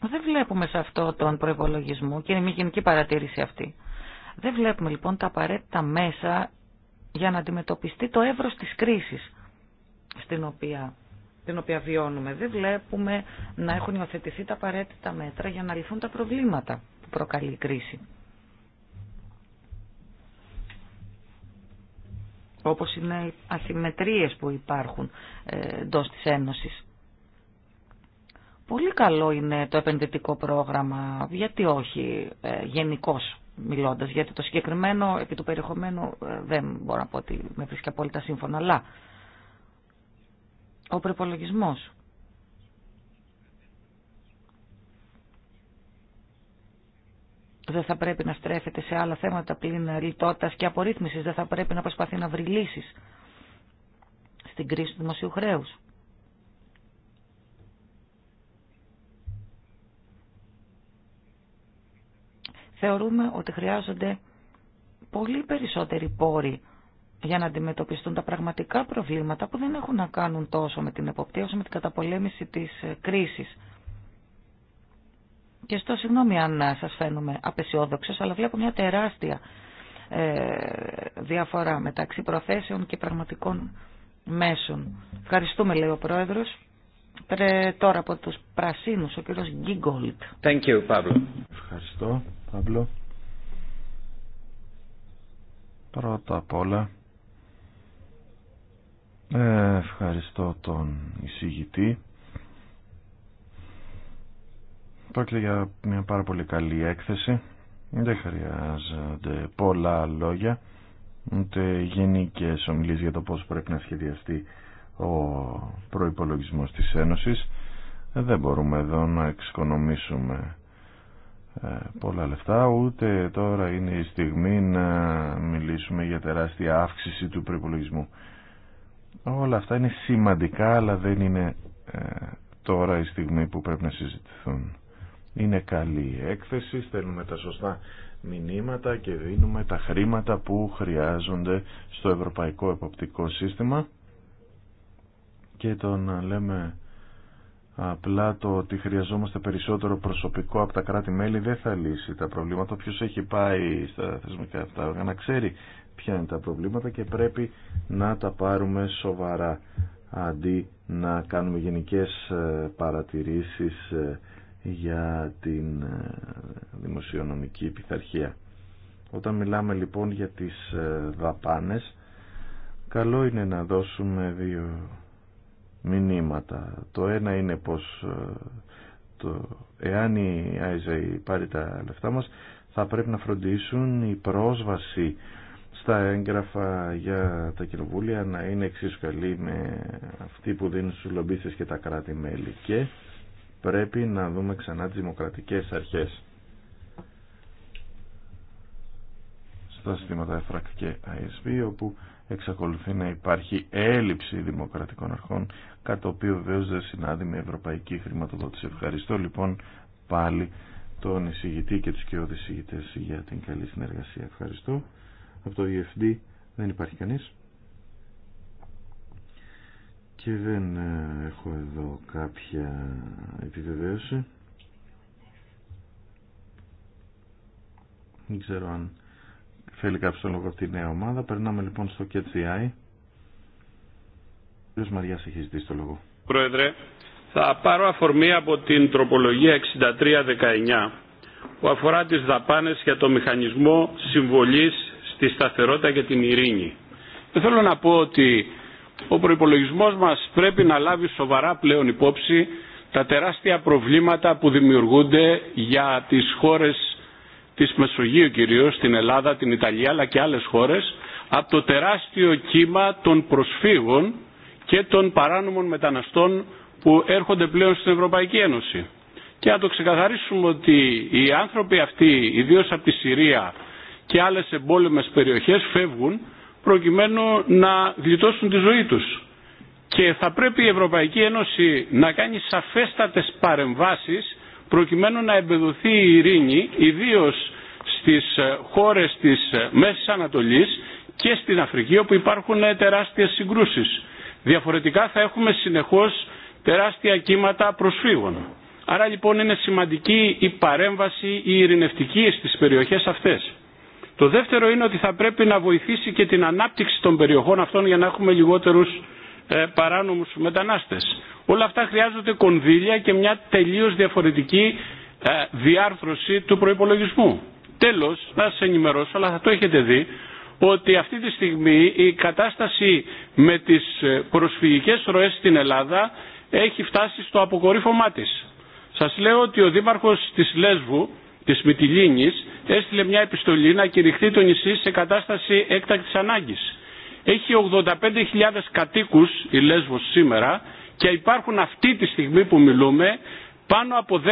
Δεν βλέπουμε σε αυτό τον προϋπολογισμό και είναι μια γενική παρατήρηση αυτή. Δεν βλέπουμε λοιπόν τα απαραίτητα μέσα για να αντιμετωπιστεί το εύρος της κρίσης στην οποία, την οποία βιώνουμε. Δεν βλέπουμε να έχουν υιοθετηθεί τα απαραίτητα μέτρα για να λυθούν τα προβλήματα που προκαλεί η κρίση. Όπως είναι οι ασυμμετρίες που υπάρχουν ε, εντό της Ένωσης. Πολύ καλό είναι το επενδυτικό πρόγραμμα, γιατί όχι ε, μιλώντας, γιατί το συγκεκριμένο επί του περιεχομένου ε, δεν μπορώ να πω ότι με βρίσκει απόλυτα σύμφωνα, αλλά ο προπολογισμό. Δεν θα πρέπει να στρέφεται σε άλλα θέματα πλην λιτότητα και απορρίθμιση. Δεν θα πρέπει να προσπαθεί να βρει λύσει στην κρίση του δημοσίου χρέους. θεωρούμε ότι χρειάζονται πολύ περισσότεροι πόροι για να αντιμετωπιστούν τα πραγματικά προβλήματα που δεν έχουν να κάνουν τόσο με την εποπτεία όσο με την καταπολέμηση της ε, κρίσης. Και στο συγγνώμη αν ε, σας φαίνομαι απεσιόδοξος, αλλά βλέπω μια τεράστια ε, διαφορά μεταξύ προθέσεων και πραγματικών μέσων. Ευχαριστούμε λέει ο Πρόεδρος τώρα από τους πρασίνους ο κύριος Γκίγκολτ. Thank you, Pablo. Ευχαριστώ, Παύλο. Πρώτα απ' όλα, ε, ευχαριστώ τον εισηγητή. Πρόκειται για μια πάρα πολύ καλή έκθεση. Δεν χρειάζονται πολλά λόγια, ούτε γενικές ομιλίες για το πώς πρέπει να σχεδιαστεί ο προϋπολογισμός της Ένωσης ε, δεν μπορούμε εδώ να εξοικονομήσουμε ε, πολλά λεφτά ούτε τώρα είναι η στιγμή να μιλήσουμε για τεράστια αύξηση του προϋπολογισμού όλα αυτά είναι σημαντικά αλλά δεν είναι ε, τώρα η στιγμή που πρέπει να συζητηθούν είναι καλή έκθεση στέλνουμε τα σωστά μηνύματα και δίνουμε τα χρήματα που χρειάζονται στο Ευρωπαϊκό Εποπτικό Σύστημα και το να λέμε απλά το ότι χρειαζόμαστε περισσότερο προσωπικό από τα κράτη-μέλη δεν θα λύσει τα προβλήματα. Ποιος έχει πάει στα θεσμικά αυτά όργανα ξέρει ποια είναι τα προβλήματα και πρέπει να τα πάρουμε σοβαρά αντί να κάνουμε γενικές ε, παρατηρήσεις ε, για την ε, δημοσιονομική πειθαρχία. Όταν μιλάμε λοιπόν για τις δαπάνες, καλό είναι να δώσουμε δύο μηνύματα. Το ένα είναι πως ε, το, εάν η ΆΙΖΑ πάρει τα λεφτά μας θα πρέπει να φροντίσουν η πρόσβαση στα έγγραφα για τα κοινοβούλια να είναι εξίσου καλή με αυτή που δίνουν στους λομπίστες και τα κράτη-μέλη και πρέπει να δούμε ξανά τις δημοκρατικές αρχές στα συστήματα ΕΦΡΑΚ και ISB όπου εξακολουθεί να υπάρχει έλλειψη δημοκρατικών αρχών, κάτι το οποίο βεβαίω δεν συνάδει με ευρωπαϊκή χρηματοδότηση. Ευχαριστώ λοιπόν πάλι τον εισηγητή και τους κοιόδης εισηγητές για την καλή συνεργασία. Ευχαριστώ. Από το EFD δεν υπάρχει κανεί Και δεν ε, έχω εδώ κάποια επιβεβαίωση. Δεν ξέρω αν Θέλει κάποιο λόγο από τη νέα ομάδα. Περνάμε λοιπόν στο KTI. Ο κ. Μαριάς έχει ζητήσει το λόγο. Πρόεδρε, θα πάρω αφορμή από την τροπολογία 6319 που αφορά τις δαπάνε για το μηχανισμό συμβολή στη σταθερότητα και την ειρήνη. θέλω να πω ότι ο προϋπολογισμός μας πρέπει να λάβει σοβαρά πλέον υπόψη τα τεράστια προβλήματα που δημιουργούνται για τις χώρες της Μεσογείου κυρίως, στην Ελλάδα, την Ιταλία αλλά και άλλες χώρες, από το τεράστιο κύμα των προσφύγων και των παράνομων μεταναστών που έρχονται πλέον στην Ευρωπαϊκή Ένωση. Και να το ξεκαθαρίσουμε ότι οι άνθρωποι αυτοί, ιδίως από τη Συρία και άλλες εμπόλεμες περιοχές, φεύγουν προκειμένου να γλιτώσουν τη ζωή τους. Και θα πρέπει η Ευρωπαϊκή Ένωση να κάνει σαφέστατες παρεμβάσεις προκειμένου να εμπεδοθεί η ειρήνη ιδίως στις ε, χώρες της ε, Μέσης Ανατολής και στην Αφρική όπου υπάρχουν ε, τεράστιες συγκρούσεις. Διαφορετικά θα έχουμε συνεχώς τεράστια κύματα προσφύγων. Άρα λοιπόν είναι σημαντική η παρέμβαση η ειρηνευτική στις περιοχές αυτές. Το δεύτερο είναι ότι θα πρέπει να βοηθήσει και την ανάπτυξη των περιοχών αυτών για να έχουμε λιγότερους ε, παράνομους μετανάστες. Όλα αυτά χρειάζονται κονδύλια και μια τελείως διαφορετική ε, διάρθρωση του προϋπολογισμού. Τέλος, να σας ενημερώσω, αλλά θα το έχετε δει, ότι αυτή τη στιγμή η κατάσταση με τις ε, προσφυγικές ροές στην Ελλάδα έχει φτάσει στο αποκορύφωμά της. Σας λέω ότι ο δήμαρχος της Λέσβου, της Μητυλίνης έστειλε μια επιστολή να κηρυχθεί το νησί σε κατάσταση έκτακτης ανάγκης. Έχει 85.000 κατοίκους η Λέσβος σήμερα και υπάρχουν αυτή τη στιγμή που μιλούμε πάνω από 10.000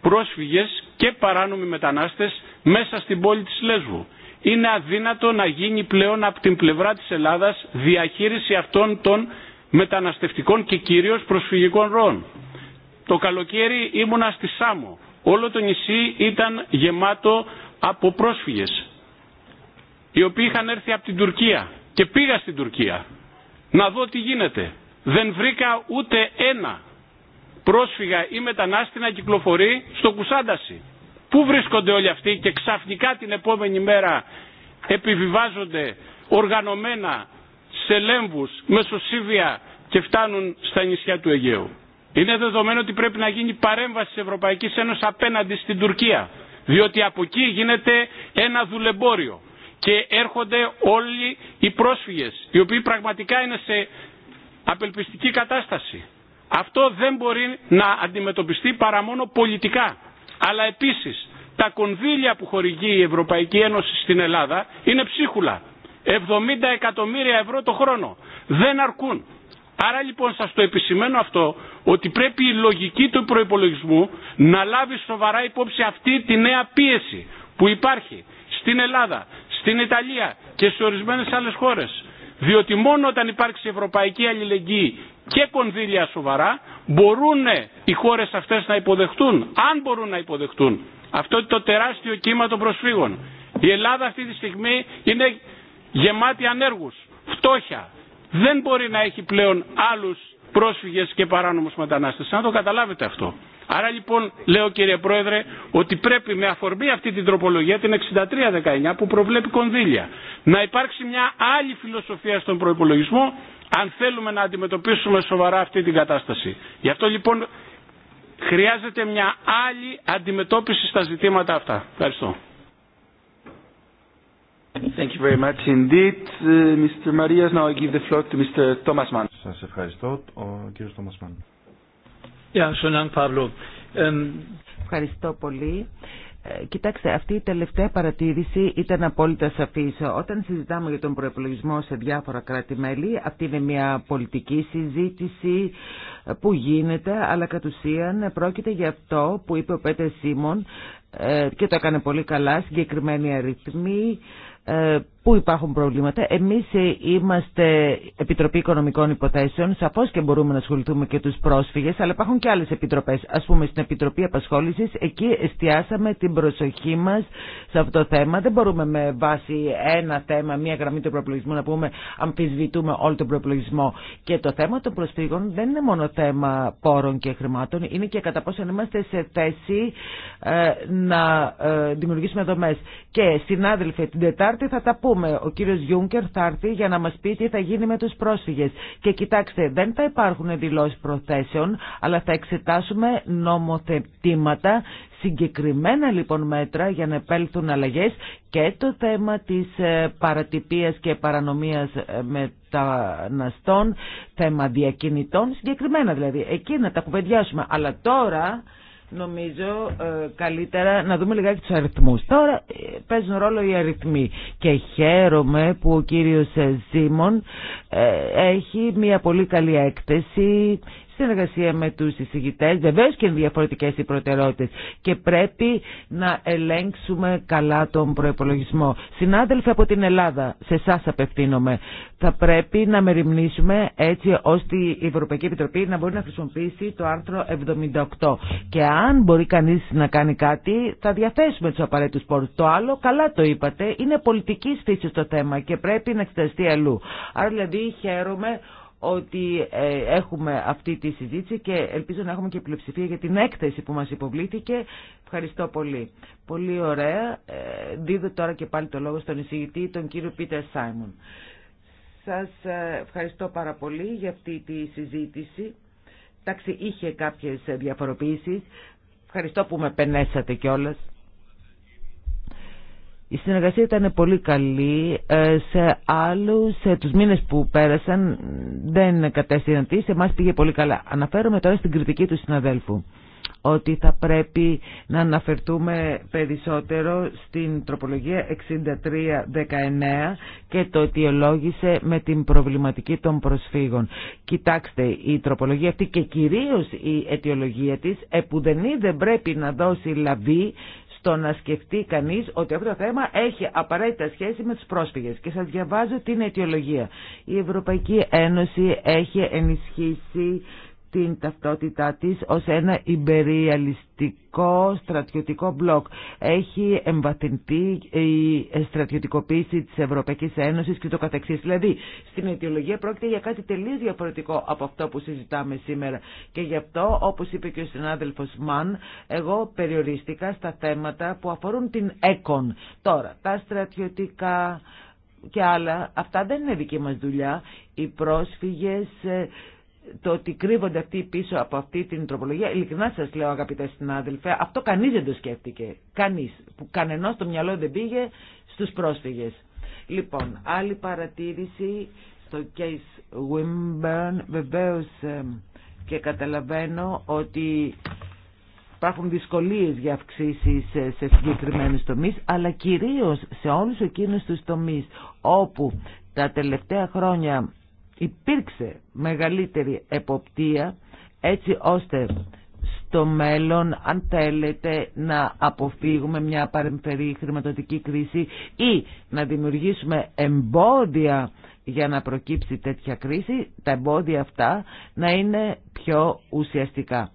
πρόσφυγες και παράνομοι μετανάστες μέσα στην πόλη της Λέσβου. Είναι αδύνατο να γίνει πλέον από την πλευρά της Ελλάδας διαχείριση αυτών των μεταναστευτικών και κυρίως προσφυγικών ροών. Το καλοκαίρι ήμουνα στη Σάμο. Όλο το νησί ήταν γεμάτο από πρόσφυγες οι οποίοι είχαν έρθει από την Τουρκία και πήγα στην Τουρκία να δω τι γίνεται. Δεν βρήκα ούτε ένα πρόσφυγα ή μετανάστη να κυκλοφορεί στο Κουσάνταση. Πού βρίσκονται όλοι αυτοί και ξαφνικά την επόμενη μέρα επιβιβάζονται οργανωμένα σε λέμβους μεσοσύβια και φτάνουν στα νησιά του Αιγαίου. Είναι δεδομένο ότι πρέπει να γίνει παρέμβαση της Ευρωπαϊκής Ένωσης απέναντι στην Τουρκία, διότι από εκεί γίνεται ένα δουλεμπόριο και έρχονται όλοι οι πρόσφυγες οι οποίοι πραγματικά είναι σε απελπιστική κατάσταση. Αυτό δεν μπορεί να αντιμετωπιστεί παρά μόνο πολιτικά. Αλλά επίσης τα κονδύλια που χορηγεί η Ευρωπαϊκή Ένωση στην Ελλάδα είναι ψίχουλα. 70 εκατομμύρια ευρώ το χρόνο. Δεν αρκούν. Άρα λοιπόν σας το επισημαίνω αυτό ότι πρέπει η λογική του προϋπολογισμού να λάβει σοβαρά υπόψη αυτή τη νέα πίεση που υπάρχει στην Ελλάδα, στην Ιταλία και σε ορισμένες άλλες χώρες. Διότι μόνο όταν υπάρξει ευρωπαϊκή αλληλεγγύη και κονδύλια σοβαρά μπορούν οι χώρες αυτές να υποδεχτούν, αν μπορούν να υποδεχτούν, αυτό το τεράστιο κύμα των προσφύγων. Η Ελλάδα αυτή τη στιγμή είναι γεμάτη ανέργους, φτώχεια. Δεν μπορεί να έχει πλέον άλλους πρόσφυγες και παράνομους μετανάστες. Να το καταλάβετε αυτό. Άρα λοιπόν λέω κύριε Πρόεδρε ότι πρέπει με αφορμή αυτή την τροπολογία την 6319 που προβλέπει κονδύλια να υπάρξει μια άλλη φιλοσοφία στον προϋπολογισμό αν θέλουμε να αντιμετωπίσουμε σοβαρά αυτή την κατάσταση. Γι' αυτό λοιπόν χρειάζεται μια άλλη αντιμετώπιση στα ζητήματα αυτά. Ευχαριστώ. Thank you very much uh, Mr. Marias. Now I give the floor to Mr. Thomas Mann. Σας ευχαριστώ, ο κύριος Thomas Mann. Um, Ευχαριστώ πολύ. Ε, κοιτάξτε, αυτή η τελευταία παρατήρηση ήταν απόλυτα σαφής. Όταν συζητάμε για τον προεπλογισμό σε διάφορα κράτη-μέλη, αυτή είναι μια πολιτική συζήτηση ε, που γίνεται, αλλά κατ' ουσίαν πρόκειται για αυτό που είπε ο Πέτερ Σίμων ε, και το έκανε πολύ καλά, συγκεκριμένοι αριθμοί, Πού υπάρχουν προβλήματα. Εμεί ε, είμαστε Επιτροπή Οικονομικών Υποθέσεων. σαφώ και μπορούμε να ασχοληθούμε και του πρόσφυγες, αλλά υπάρχουν και άλλε επιτροπέ, α πούμε στην Επιτροπή απασχόληση. εκεί εστιάσαμε την προσοχή μα σε αυτό το θέμα. Δεν μπορούμε με βάση ένα θέμα, μία γραμμή του προπολογισμού να πούμε αμφισβητούμε όλο τον προπολογισμό. Και το θέμα των προσφύγων δεν είναι μόνο θέμα πόρων και χρημάτων, είναι και κατά πόσο είμαστε σε θέση ε, να ε, δημιουργήσουμε δομέ. Και συνάδελφε, την Τετάρτη θα τα πούμε ο κύριος Γιούγκερ θα έρθει για να μας πει τι θα γίνει με τους πρόσφυγες. Και κοιτάξτε, δεν θα υπάρχουν δηλώσεις προθέσεων, αλλά θα εξετάσουμε νομοθετήματα, συγκεκριμένα λοιπόν μέτρα για να επέλθουν αλλαγές και το θέμα της ε, παρατυπίας και παρανομίας ε, μεταναστών, θέμα διακινητών, συγκεκριμένα δηλαδή. Εκεί να τα κουβεντιάσουμε. Αλλά τώρα νομίζω ε, καλύτερα να δούμε λιγάκι του αριθμούς. Τώρα ε, παίζουν ρόλο οι αριθμοί και χαίρομαι που ο κύριος Ζήμων ε, ε, έχει μια πολύ καλή έκθεση συνεργασία με τους εισηγητές, βεβαίω και είναι διαφορετικέ οι προτεραιότητες και πρέπει να ελέγξουμε καλά τον προπολογισμό. Συνάδελφοι από την Ελλάδα, σε εσά απευθύνομαι, θα πρέπει να μεριμνήσουμε έτσι ώστε η Ευρωπαϊκή Επιτροπή να μπορεί να χρησιμοποιήσει το άρθρο 78 και αν μπορεί κανείς να κάνει κάτι θα διαθέσουμε τους απαραίτητους πόρους. Το άλλο, καλά το είπατε, είναι πολιτική φύση το θέμα και πρέπει να εξεταστεί αλλού. Άρα δηλαδή χαίρομαι ότι ε, έχουμε αυτή τη συζήτηση και ελπίζω να έχουμε και πλειοψηφία για την έκθεση που μας υποβλήθηκε. Ευχαριστώ πολύ. Πολύ ωραία. Ε, δίδω τώρα και πάλι το λόγο στον εισηγητή, τον κύριο Πίτερ Σάιμον. Σας ε, ευχαριστώ πάρα πολύ για αυτή τη συζήτηση. Εντάξει, είχε κάποιες διαφοροποίησεις. Ευχαριστώ που με πενέσατε κιόλας. Η συνεργασία ήταν πολύ καλή. Ε, σε άλλους, σε τους μήνες που πέρασαν, δεν κατέστηναν τι. Σε εμάς πήγε πολύ καλά. Αναφέρομαι τώρα στην κριτική του συναδέλφου ότι θα πρέπει να αναφερθούμε περισσότερο στην τροπολογία 63-19 και το αιτιολόγησε με την προβληματική των προσφύγων. Κοιτάξτε, η τροπολογία αυτή και κυρίως η αιτιολογία της, επουδενή δεν πρέπει να δώσει λαβή το να σκεφτεί κανείς ότι αυτό το θέμα έχει απαραίτητα σχέση με τις πρόσφυγες. Και σας διαβάζω την αιτιολογία. Η Ευρωπαϊκή Ένωση έχει ενισχύσει την ταυτότητά της ως ένα υπεριαλιστικό στρατιωτικό μπλοκ. Έχει εμβαθυνθεί η στρατιωτικοποίηση της Ευρωπαϊκής Ένωσης και το καθεξής. Δηλαδή, στην αιτιολογία πρόκειται για κάτι τελείως διαφορετικό από αυτό που συζητάμε σήμερα. Και γι' αυτό, όπως είπε και ο συνάδελφος Μαν, εγώ περιορίστηκα στα θέματα που αφορούν την ΕΚΟΝ. Τώρα, τα στρατιωτικά και άλλα, αυτά δεν είναι δική μας δουλειά. Οι πρόσφυγες ε, το ότι κρύβονται αυτοί πίσω από αυτή την τροπολογία, ειλικρινά σα λέω αγαπητέ συνάδελφε, αυτό κανεί δεν το σκέφτηκε. Κανεί. Κανενό το μυαλό δεν πήγε στου πρόσφυγες. Λοιπόν, άλλη παρατήρηση στο case Wimburn. Βεβαίως και καταλαβαίνω ότι υπάρχουν δυσκολίε για αυξήσει ε, σε συγκεκριμένου τομεί, αλλά κυρίω σε όλους εκείνου του τομεί, όπου τα τελευταία χρόνια υπήρξε μεγαλύτερη εποπτεία έτσι ώστε στο μέλλον αν θέλετε να αποφύγουμε μια παρεμφερή χρηματοδοτική κρίση ή να δημιουργήσουμε εμπόδια για να προκύψει τέτοια κρίση, τα εμπόδια αυτά να είναι πιο ουσιαστικά.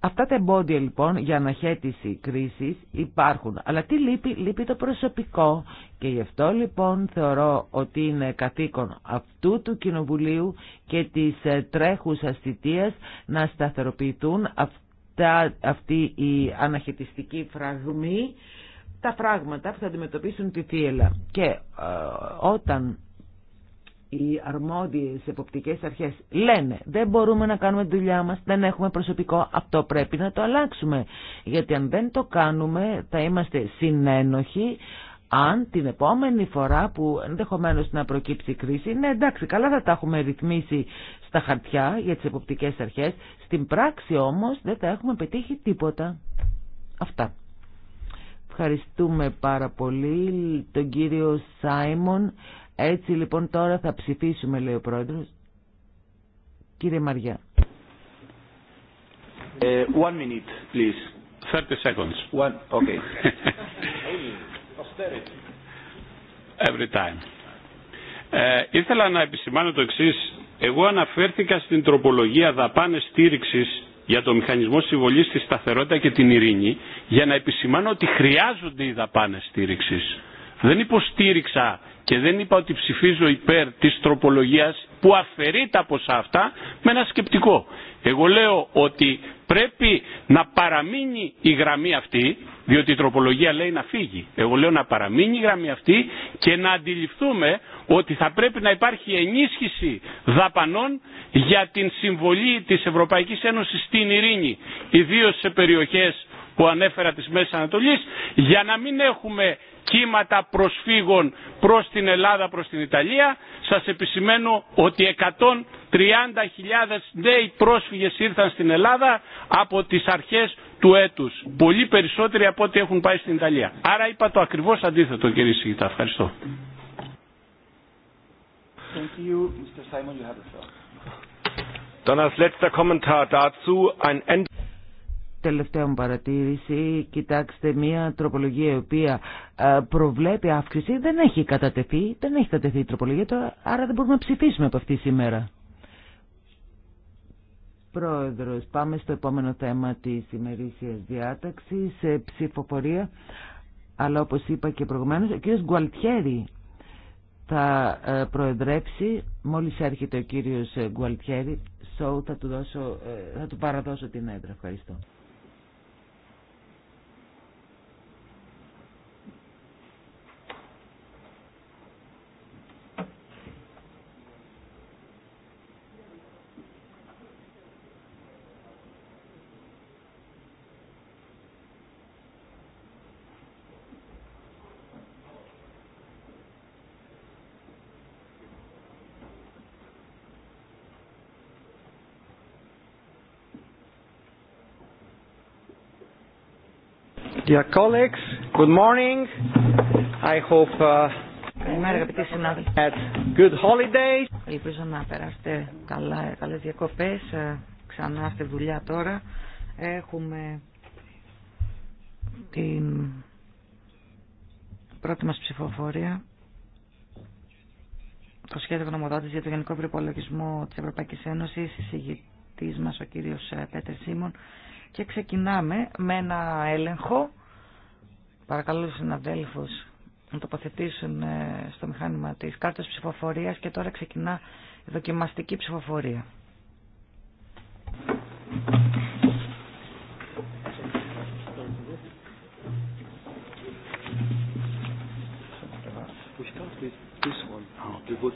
Αυτά τα εμπόδια λοιπόν για αναχέτηση κρίσης υπάρχουν, αλλά τι λείπει, λείπει το προσωπικό και γι' αυτό λοιπόν θεωρώ ότι είναι καθήκον αυτού του Κοινοβουλίου και της ε, τρέχουσας θητείας να σταθεροποιηθούν αυτά, αυτή η αναχαιτιστική φραγμή τα φράγματα που θα αντιμετωπίσουν τη θύελα. Και ε, όταν οι αρμόδιες εποπτικές αρχές λένε δεν μπορούμε να κάνουμε τη δουλειά μας, δεν έχουμε προσωπικό, αυτό πρέπει να το αλλάξουμε. Γιατί αν δεν το κάνουμε θα είμαστε συνένοχοι αν την επόμενη φορά που ενδεχομένω να προκύψει κρίση, ναι εντάξει καλά θα τα έχουμε ρυθμίσει στα χαρτιά για τις εποπτικές αρχές, στην πράξη όμως δεν θα έχουμε πετύχει τίποτα. Αυτά. Ευχαριστούμε πάρα πολύ τον κύριο Σάιμον. Έτσι λοιπόν τώρα θα ψηφίσουμε, λέει ο πρόεδρος. Κύριε Μαριά. Ε, one minute, please. seconds. One, okay. Every time. Ε, ήθελα να επισημάνω το εξή. Εγώ αναφέρθηκα στην τροπολογία δαπάνε στήριξη για το μηχανισμό συμβολή στη σταθερότητα και την ειρήνη για να επισημάνω ότι χρειάζονται οι δαπάνε στήριξη. Δεν υποστήριξα και δεν είπα ότι ψηφίζω υπέρ της τροπολογίας που αφαιρεί τα ποσά αυτά με ένα σκεπτικό. Εγώ λέω ότι πρέπει να παραμείνει η γραμμή αυτή, διότι η τροπολογία λέει να φύγει. Εγώ λέω να παραμείνει η γραμμή αυτή και να αντιληφθούμε ότι θα πρέπει να υπάρχει ενίσχυση δαπανών για την συμβολή της Ευρωπαϊκής Ένωσης στην ειρήνη, ιδίως σε περιοχές που ανέφερα της Μέσης Ανατολής, για να μην έχουμε κύματα προσφύγων προς την Ελλάδα, προς την Ιταλία. Σας επισημαίνω ότι 130.000 νέοι πρόσφυγες ήρθαν στην Ελλάδα από τις αρχές του έτους. Πολύ περισσότεροι από ό,τι έχουν πάει στην Ιταλία. Άρα είπα το ακριβώς αντίθετο κύριε Σιγητά. Ευχαριστώ. Thank you. Mr. Simon, you have the floor. letzter Kommentar dazu ein τελευταία μου παρατήρηση, κοιτάξτε, μια τροπολογία η οποία ε, προβλέπει αύξηση δεν έχει κατατεθεί, δεν έχει κατατεθεί η τροπολογία, τώρα, άρα δεν μπορούμε να ψηφίσουμε από αυτή σήμερα. Πρόεδρος, πάμε στο επόμενο θέμα της ημερήσιας διάταξης, ψηφοφορία, αλλά όπως είπα και προηγουμένως, ο κύριος Γκουαλτιέρη θα ε, προεδρέψει, μόλις έρχεται ο κύριος ε, Γκουαλτιέρη, θα του, παραδώσω την έντρα. Ευχαριστώ. Dear colleagues, good morning. I hope uh, Καλημέρα αγαπητοί Good holidays. Ελπίζω να περάσετε καλά, καλές διακοπές. Ε, ξανά στη δουλειά τώρα. Έχουμε την πρώτη μας ψηφοφορία. Το σχέδιο γνωμοδότης για το Γενικό Προπολογισμό της Ευρωπαϊκής Ένωσης, εισηγητής μας ο κύριος ε, Πέτερ Σίμων. Και ξεκινάμε με ένα έλεγχο Παρακαλώ τους συναδέλφους να τοποθετήσουν ε, στο μηχάνημα της κάρτας ψηφοφορίας και τώρα ξεκινά η δοκιμαστική ψηφοφορία. Ah,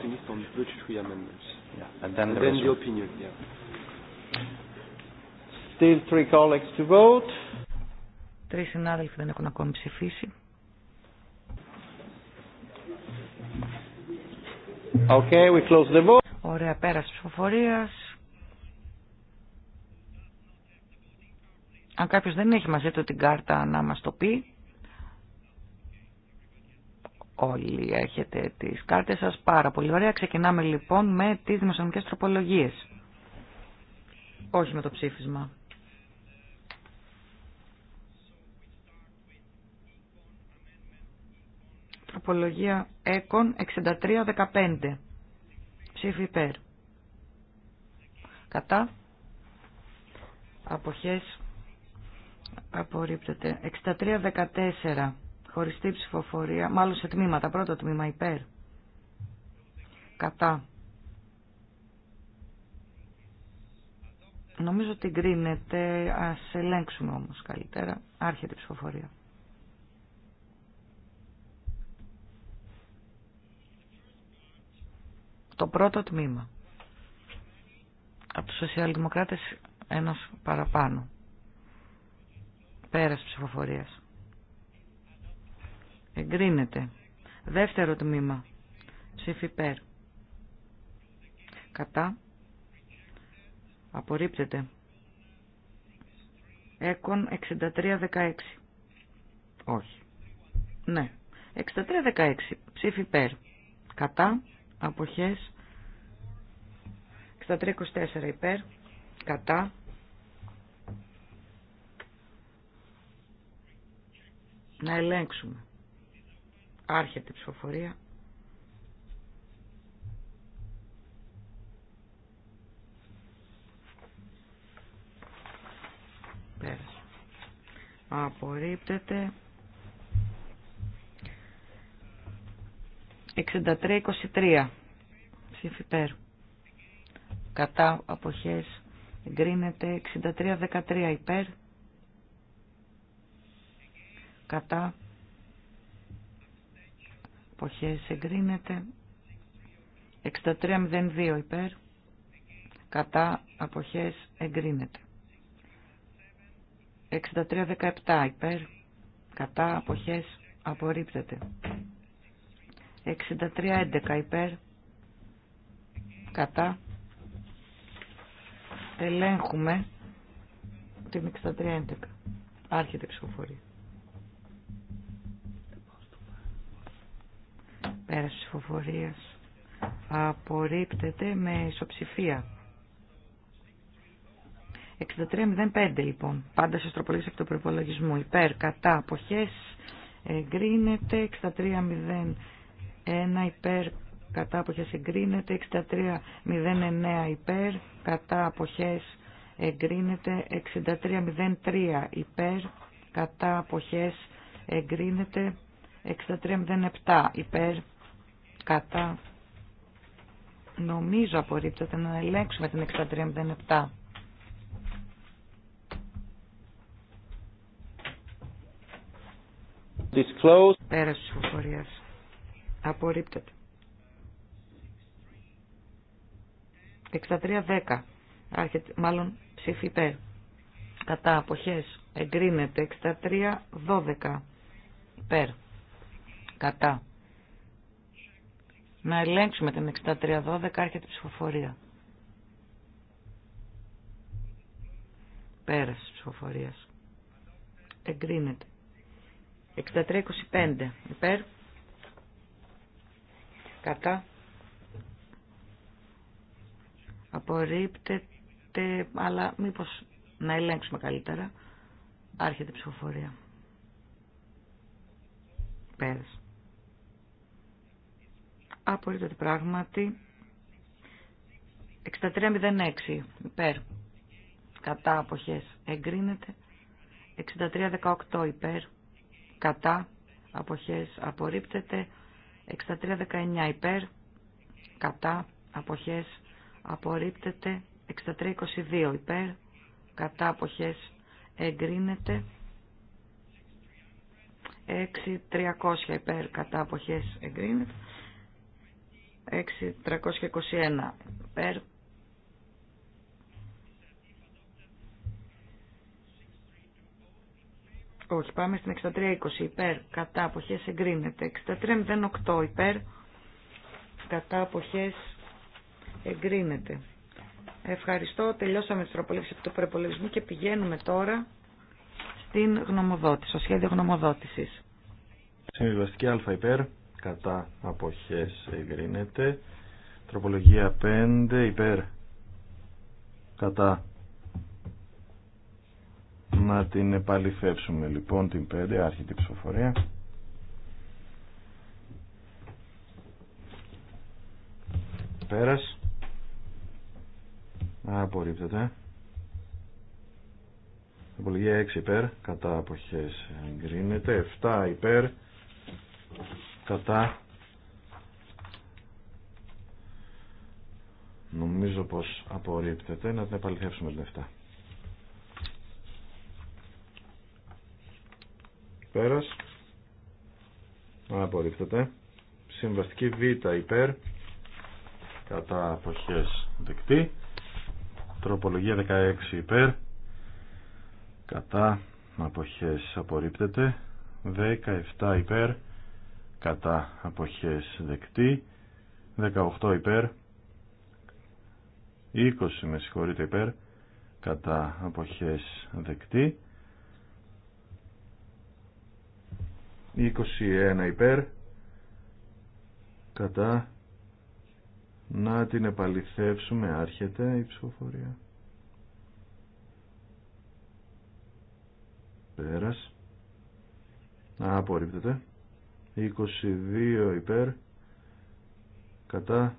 Still three colleagues to vote. Τρεις συνάδελφοι δεν έχουν ακόμη ψηφίσει. Okay, we close the vote. Ωραία, η ψηφοφορία. Αν κάποιος δεν έχει μαζί του την κάρτα να μας το πει, όλοι έχετε τις κάρτες σας πάρα πολύ ωραία. Ξεκινάμε λοιπόν με τις δημοσιονομικές τροπολογίες. Όχι με το ψήφισμα. απολογια ΕΚΟΝ 6315. Ψήφι υπέρ. Κατά. Αποχές. Απορρίπτεται. 6314. Χωριστή ψηφοφορία. Μάλλον σε τμήματα. Πρώτο τμήμα υπέρ. Κατά. Νομίζω ότι γκρίνεται. Ας ελέγξουμε όμως καλύτερα. Άρχεται η ψηφοφορία. Το πρώτο τμήμα. Από τους σοσιαλδημοκράτες ένας παραπάνω. Πέρας ψηφοφορίας. Εγκρίνεται. Δεύτερο τμήμα. ΠΕΡ, υπέρ. Κατά. Απορρίπτεται. Έκον 63-16. Όχι. Ναι. 63-16. Ψήφι ΠΕΡ, Κατά αποχες 634 υπέρ κατά να ελέγξουμε άρχεται η ψηφοφορία πέρασε απορρίπτεται 63-23. Ψήφι περ. Κατά αποχές εγκρίνεται 63-13 υπέρ. Κατά αποχές εγκρίνεται 63-02 υπέρ. Κατά αποχές εγκρίνεται. 63-17 υπέρ. Κατά αποχές απορρίπτεται. 63-11 υπέρ. Κατά. Ελέγχουμε την 63-11. Άρχεται η ψηφοφορία. Πέραση ψηφοφορία. Απορρίπτεται με ισοψηφία. 63-05 λοιπόν. Πάντα σε τροπολογίε από το προπολογισμού. Υπέρ, κατά, αποχέ. Εγκρίνεται. 63-05. 1 υπέρ κατά αποχές εγκρίνεται, 6309 υπέρ κατά αποχές εγκρίνεται, 6303 υπέρ κατά αποχές εγκρίνεται, 6307 υπέρ κατά νομίζω απορρίπτεται να ελέγξουμε την 6307. Disclose. τη της Απορρίπτεται. 63-10. Άρχεται, μάλλον ψήφι υπέρ. Κατά αποχές εγκρίνεται. 63-12. Υπέρ. Κατά. Να ελέγξουμε την 63-12. Άρχεται ψηφοφορία. Πέραση ψηφοφορίας. Εγκρίνεται. 63-25. Υπέρ κατά απορρίπτεται αλλά μήπως να ελέγξουμε καλύτερα άρχεται η ψηφοφορία πέρας απορρίπτεται πράγματι 6306 υπέρ κατά αποχές εγκρίνεται 6318 υπέρ κατά αποχές απορρίπτεται 6319 υπέρ, κατά, αποχές, απορρίπτεται. 6322 υπέρ, κατά, αποχές, εγκρίνεται. 6300 υπέρ, κατά, αποχές, εγκρίνεται. 6321 υπέρ, Όχι, πάμε στην 6320 υπέρ, κατά αποχές εγκρίνεται. 6308 υπέρ, κατά αποχές εγκρίνεται. Ευχαριστώ. Τελειώσαμε τις τροπολεύσεις του προπολογισμού και πηγαίνουμε τώρα στην γνωμοδότηση, στο σχέδιο γνωμοδότησης. Συμβιβαστική α υπέρ, κατά αποχές εγκρίνεται. Τροπολογία 5 υπέρ, κατά να την επαληθεύσουμε λοιπόν την 5, άρχιτη ψηφοφορία. Πέρας. Απορρίπτεται. Απολογία 6 υπέρ, κατά αποχές εγκρίνεται. 7 υπέρ, κατά νομίζω πως απορρίπτεται. Να την επαληθεύσουμε την 7. Πέρας. Απορρίπτεται. Συμβαστική Β υπέρ. Κατά αποχές δεκτή. Τροπολογία 16 υπέρ. Κατά αποχές απορρίπτεται. 17 υπέρ. Κατά αποχές δεκτή. 18 υπέρ. 20 με συγχωρείτε υπέρ. Κατά αποχές δεκτή. 21 υπέρ κατά να την επαληθεύσουμε άρχεται η ψηφοφορία πέρας να απορρίπτεται 22 υπέρ κατά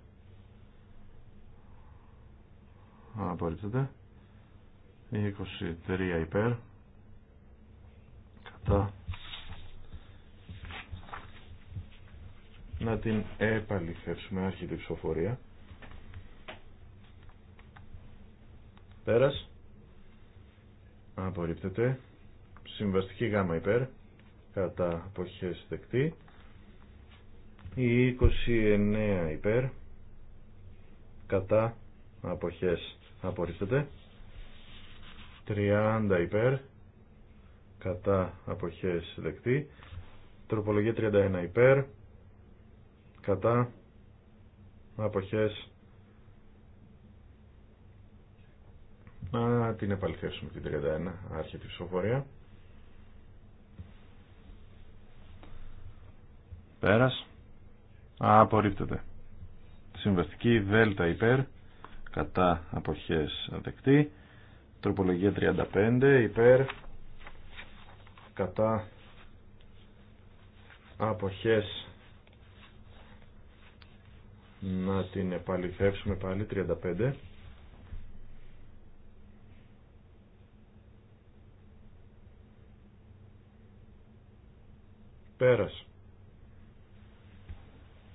να απορρίπτεται 23 υπέρ κατά να την επαληθεύσουμε άρχιτη ψηφοφορία. Πέρας. Απορρίπτεται. Συμβαστική γάμα υπέρ. Κατά αποχές δεκτή. Η 29 υπέρ. Κατά αποχές απορρίπτεται. 30 υπέρ. Κατά αποχές δεκτή. Τροπολογία 31 υπέρ κατά αποχές να την επαληθεύσουμε την 31 άρχεται τη ψηφοφορία πέρας απορρίπτεται συμβαστική δέλτα υπέρ κατά αποχές δεκτή τροπολογία 35 υπέρ κατά αποχές να την επαληθεύσουμε πάλι 35 πέρας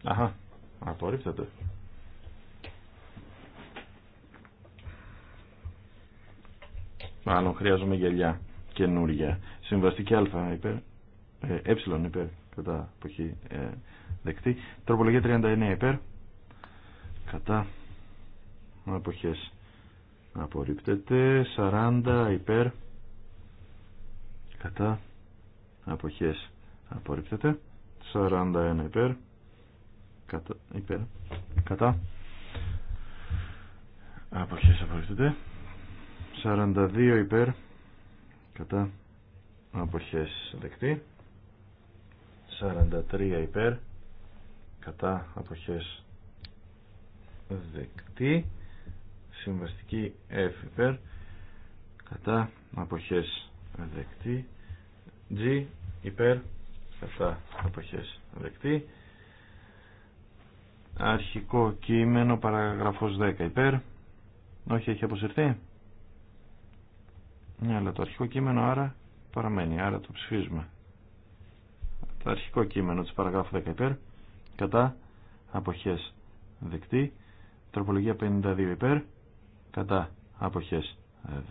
Αχα, απορρίπτεται. Μάλλον χρειάζομαι γελιά καινούρια. Συμβαστική α υπέρ, ε, ε, ε, ε υπέρ κατά έχει ε, δεκτεί. Τροπολογία 39 υπέρ, κατά αποχές απορρίπτεται 40 υπέρ κατά αποχές απορρίπτεται 41 υπέρ κατά, υπέρ, κατά αποχές απορρίπτεται 42 υπέρ κατά αποχές δεκτή 43 υπέρ κατά αποχές δεκτή συμβαστική F υπέρ κατά αποχές δεκτή G υπέρ κατά αποχές δεκτή αρχικό κείμενο παραγραφός 10 υπέρ όχι έχει αποσυρθεί ναι αλλά το αρχικό κείμενο άρα παραμένει άρα το ψηφίζουμε το αρχικό κείμενο της παραγράφου 10 υπέρ κατά αποχές δεκτή Τροπολογία 52 υπέρ. Κατά αποχές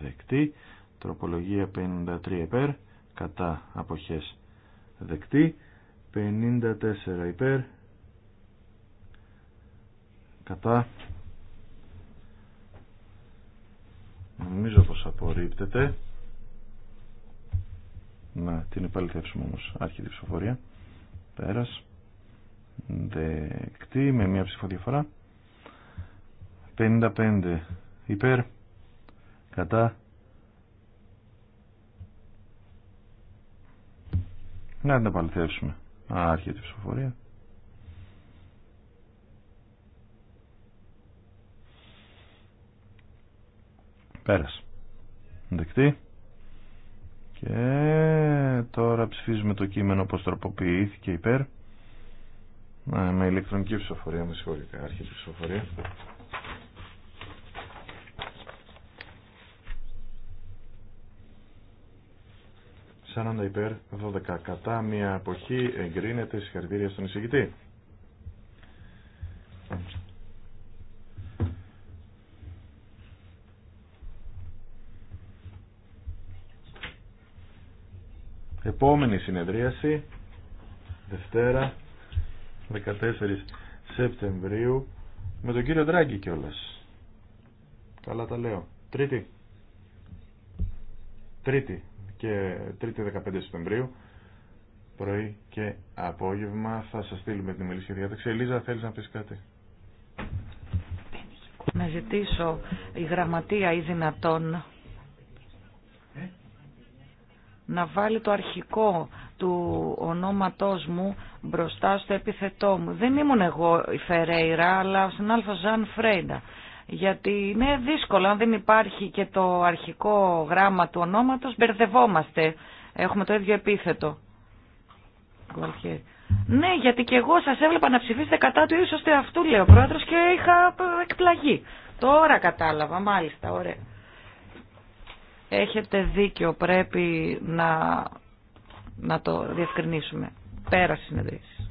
δεκτή. Τροπολογία 53 υπέρ. Κατά αποχές δεκτή. 54 υπέρ. Κατά. Νομίζω πως απορρίπτεται. Να την επαληθεύσουμε όμως άρχιτη ψηφοφορία. Πέρας. Δεκτή με μία ψηφοδιαφορά. 55 υπέρ κατά να την επαληθεύσουμε άρχεται η ψηφοφορία πέρασε δεκτή και τώρα ψηφίζουμε το κείμενο όπως τροποποιήθηκε υπέρ με ηλεκτρονική ψηφοφορία με συγχωρείτε άρχεται η ψηφοφορία 40 υπέρ, 12 κατά, μία εποχή εγκρίνεται. Συγχαρητήρια στον εισηγητή. Επόμενη συνεδρίαση, Δευτέρα, 14 Σεπτεμβρίου, με τον κύριο Δράγκη κιόλας. Καλά τα λέω. Τρίτη. Τρίτη, και 3η 15 Σεπτεμβρίου πρωί και απόγευμα θα σας στείλουμε την ημερήσια διάταξη. Ελίζα, θέλεις να πεις κάτι. Να ζητήσω η γραμματεία ή δυνατόν ε? να βάλει το αρχικό του ονόματός μου μπροστά στο επιθετό μου. Δεν ήμουν εγώ η Φερέιρα, αλλά ο Αλφαζάν Ζαν Φρέιντα γιατί είναι δύσκολο αν δεν υπάρχει και το αρχικό γράμμα του ονόματος μπερδευόμαστε έχουμε το ίδιο επίθετο ναι γιατί και εγώ σας έβλεπα να ψηφίσετε κατά του ίσως του αυτού λέει ο πρόεδρος και είχα ε, εκπλαγεί τώρα κατάλαβα μάλιστα ωραία έχετε δίκιο πρέπει να, να το διευκρινίσουμε πέρα συνεδρίσεις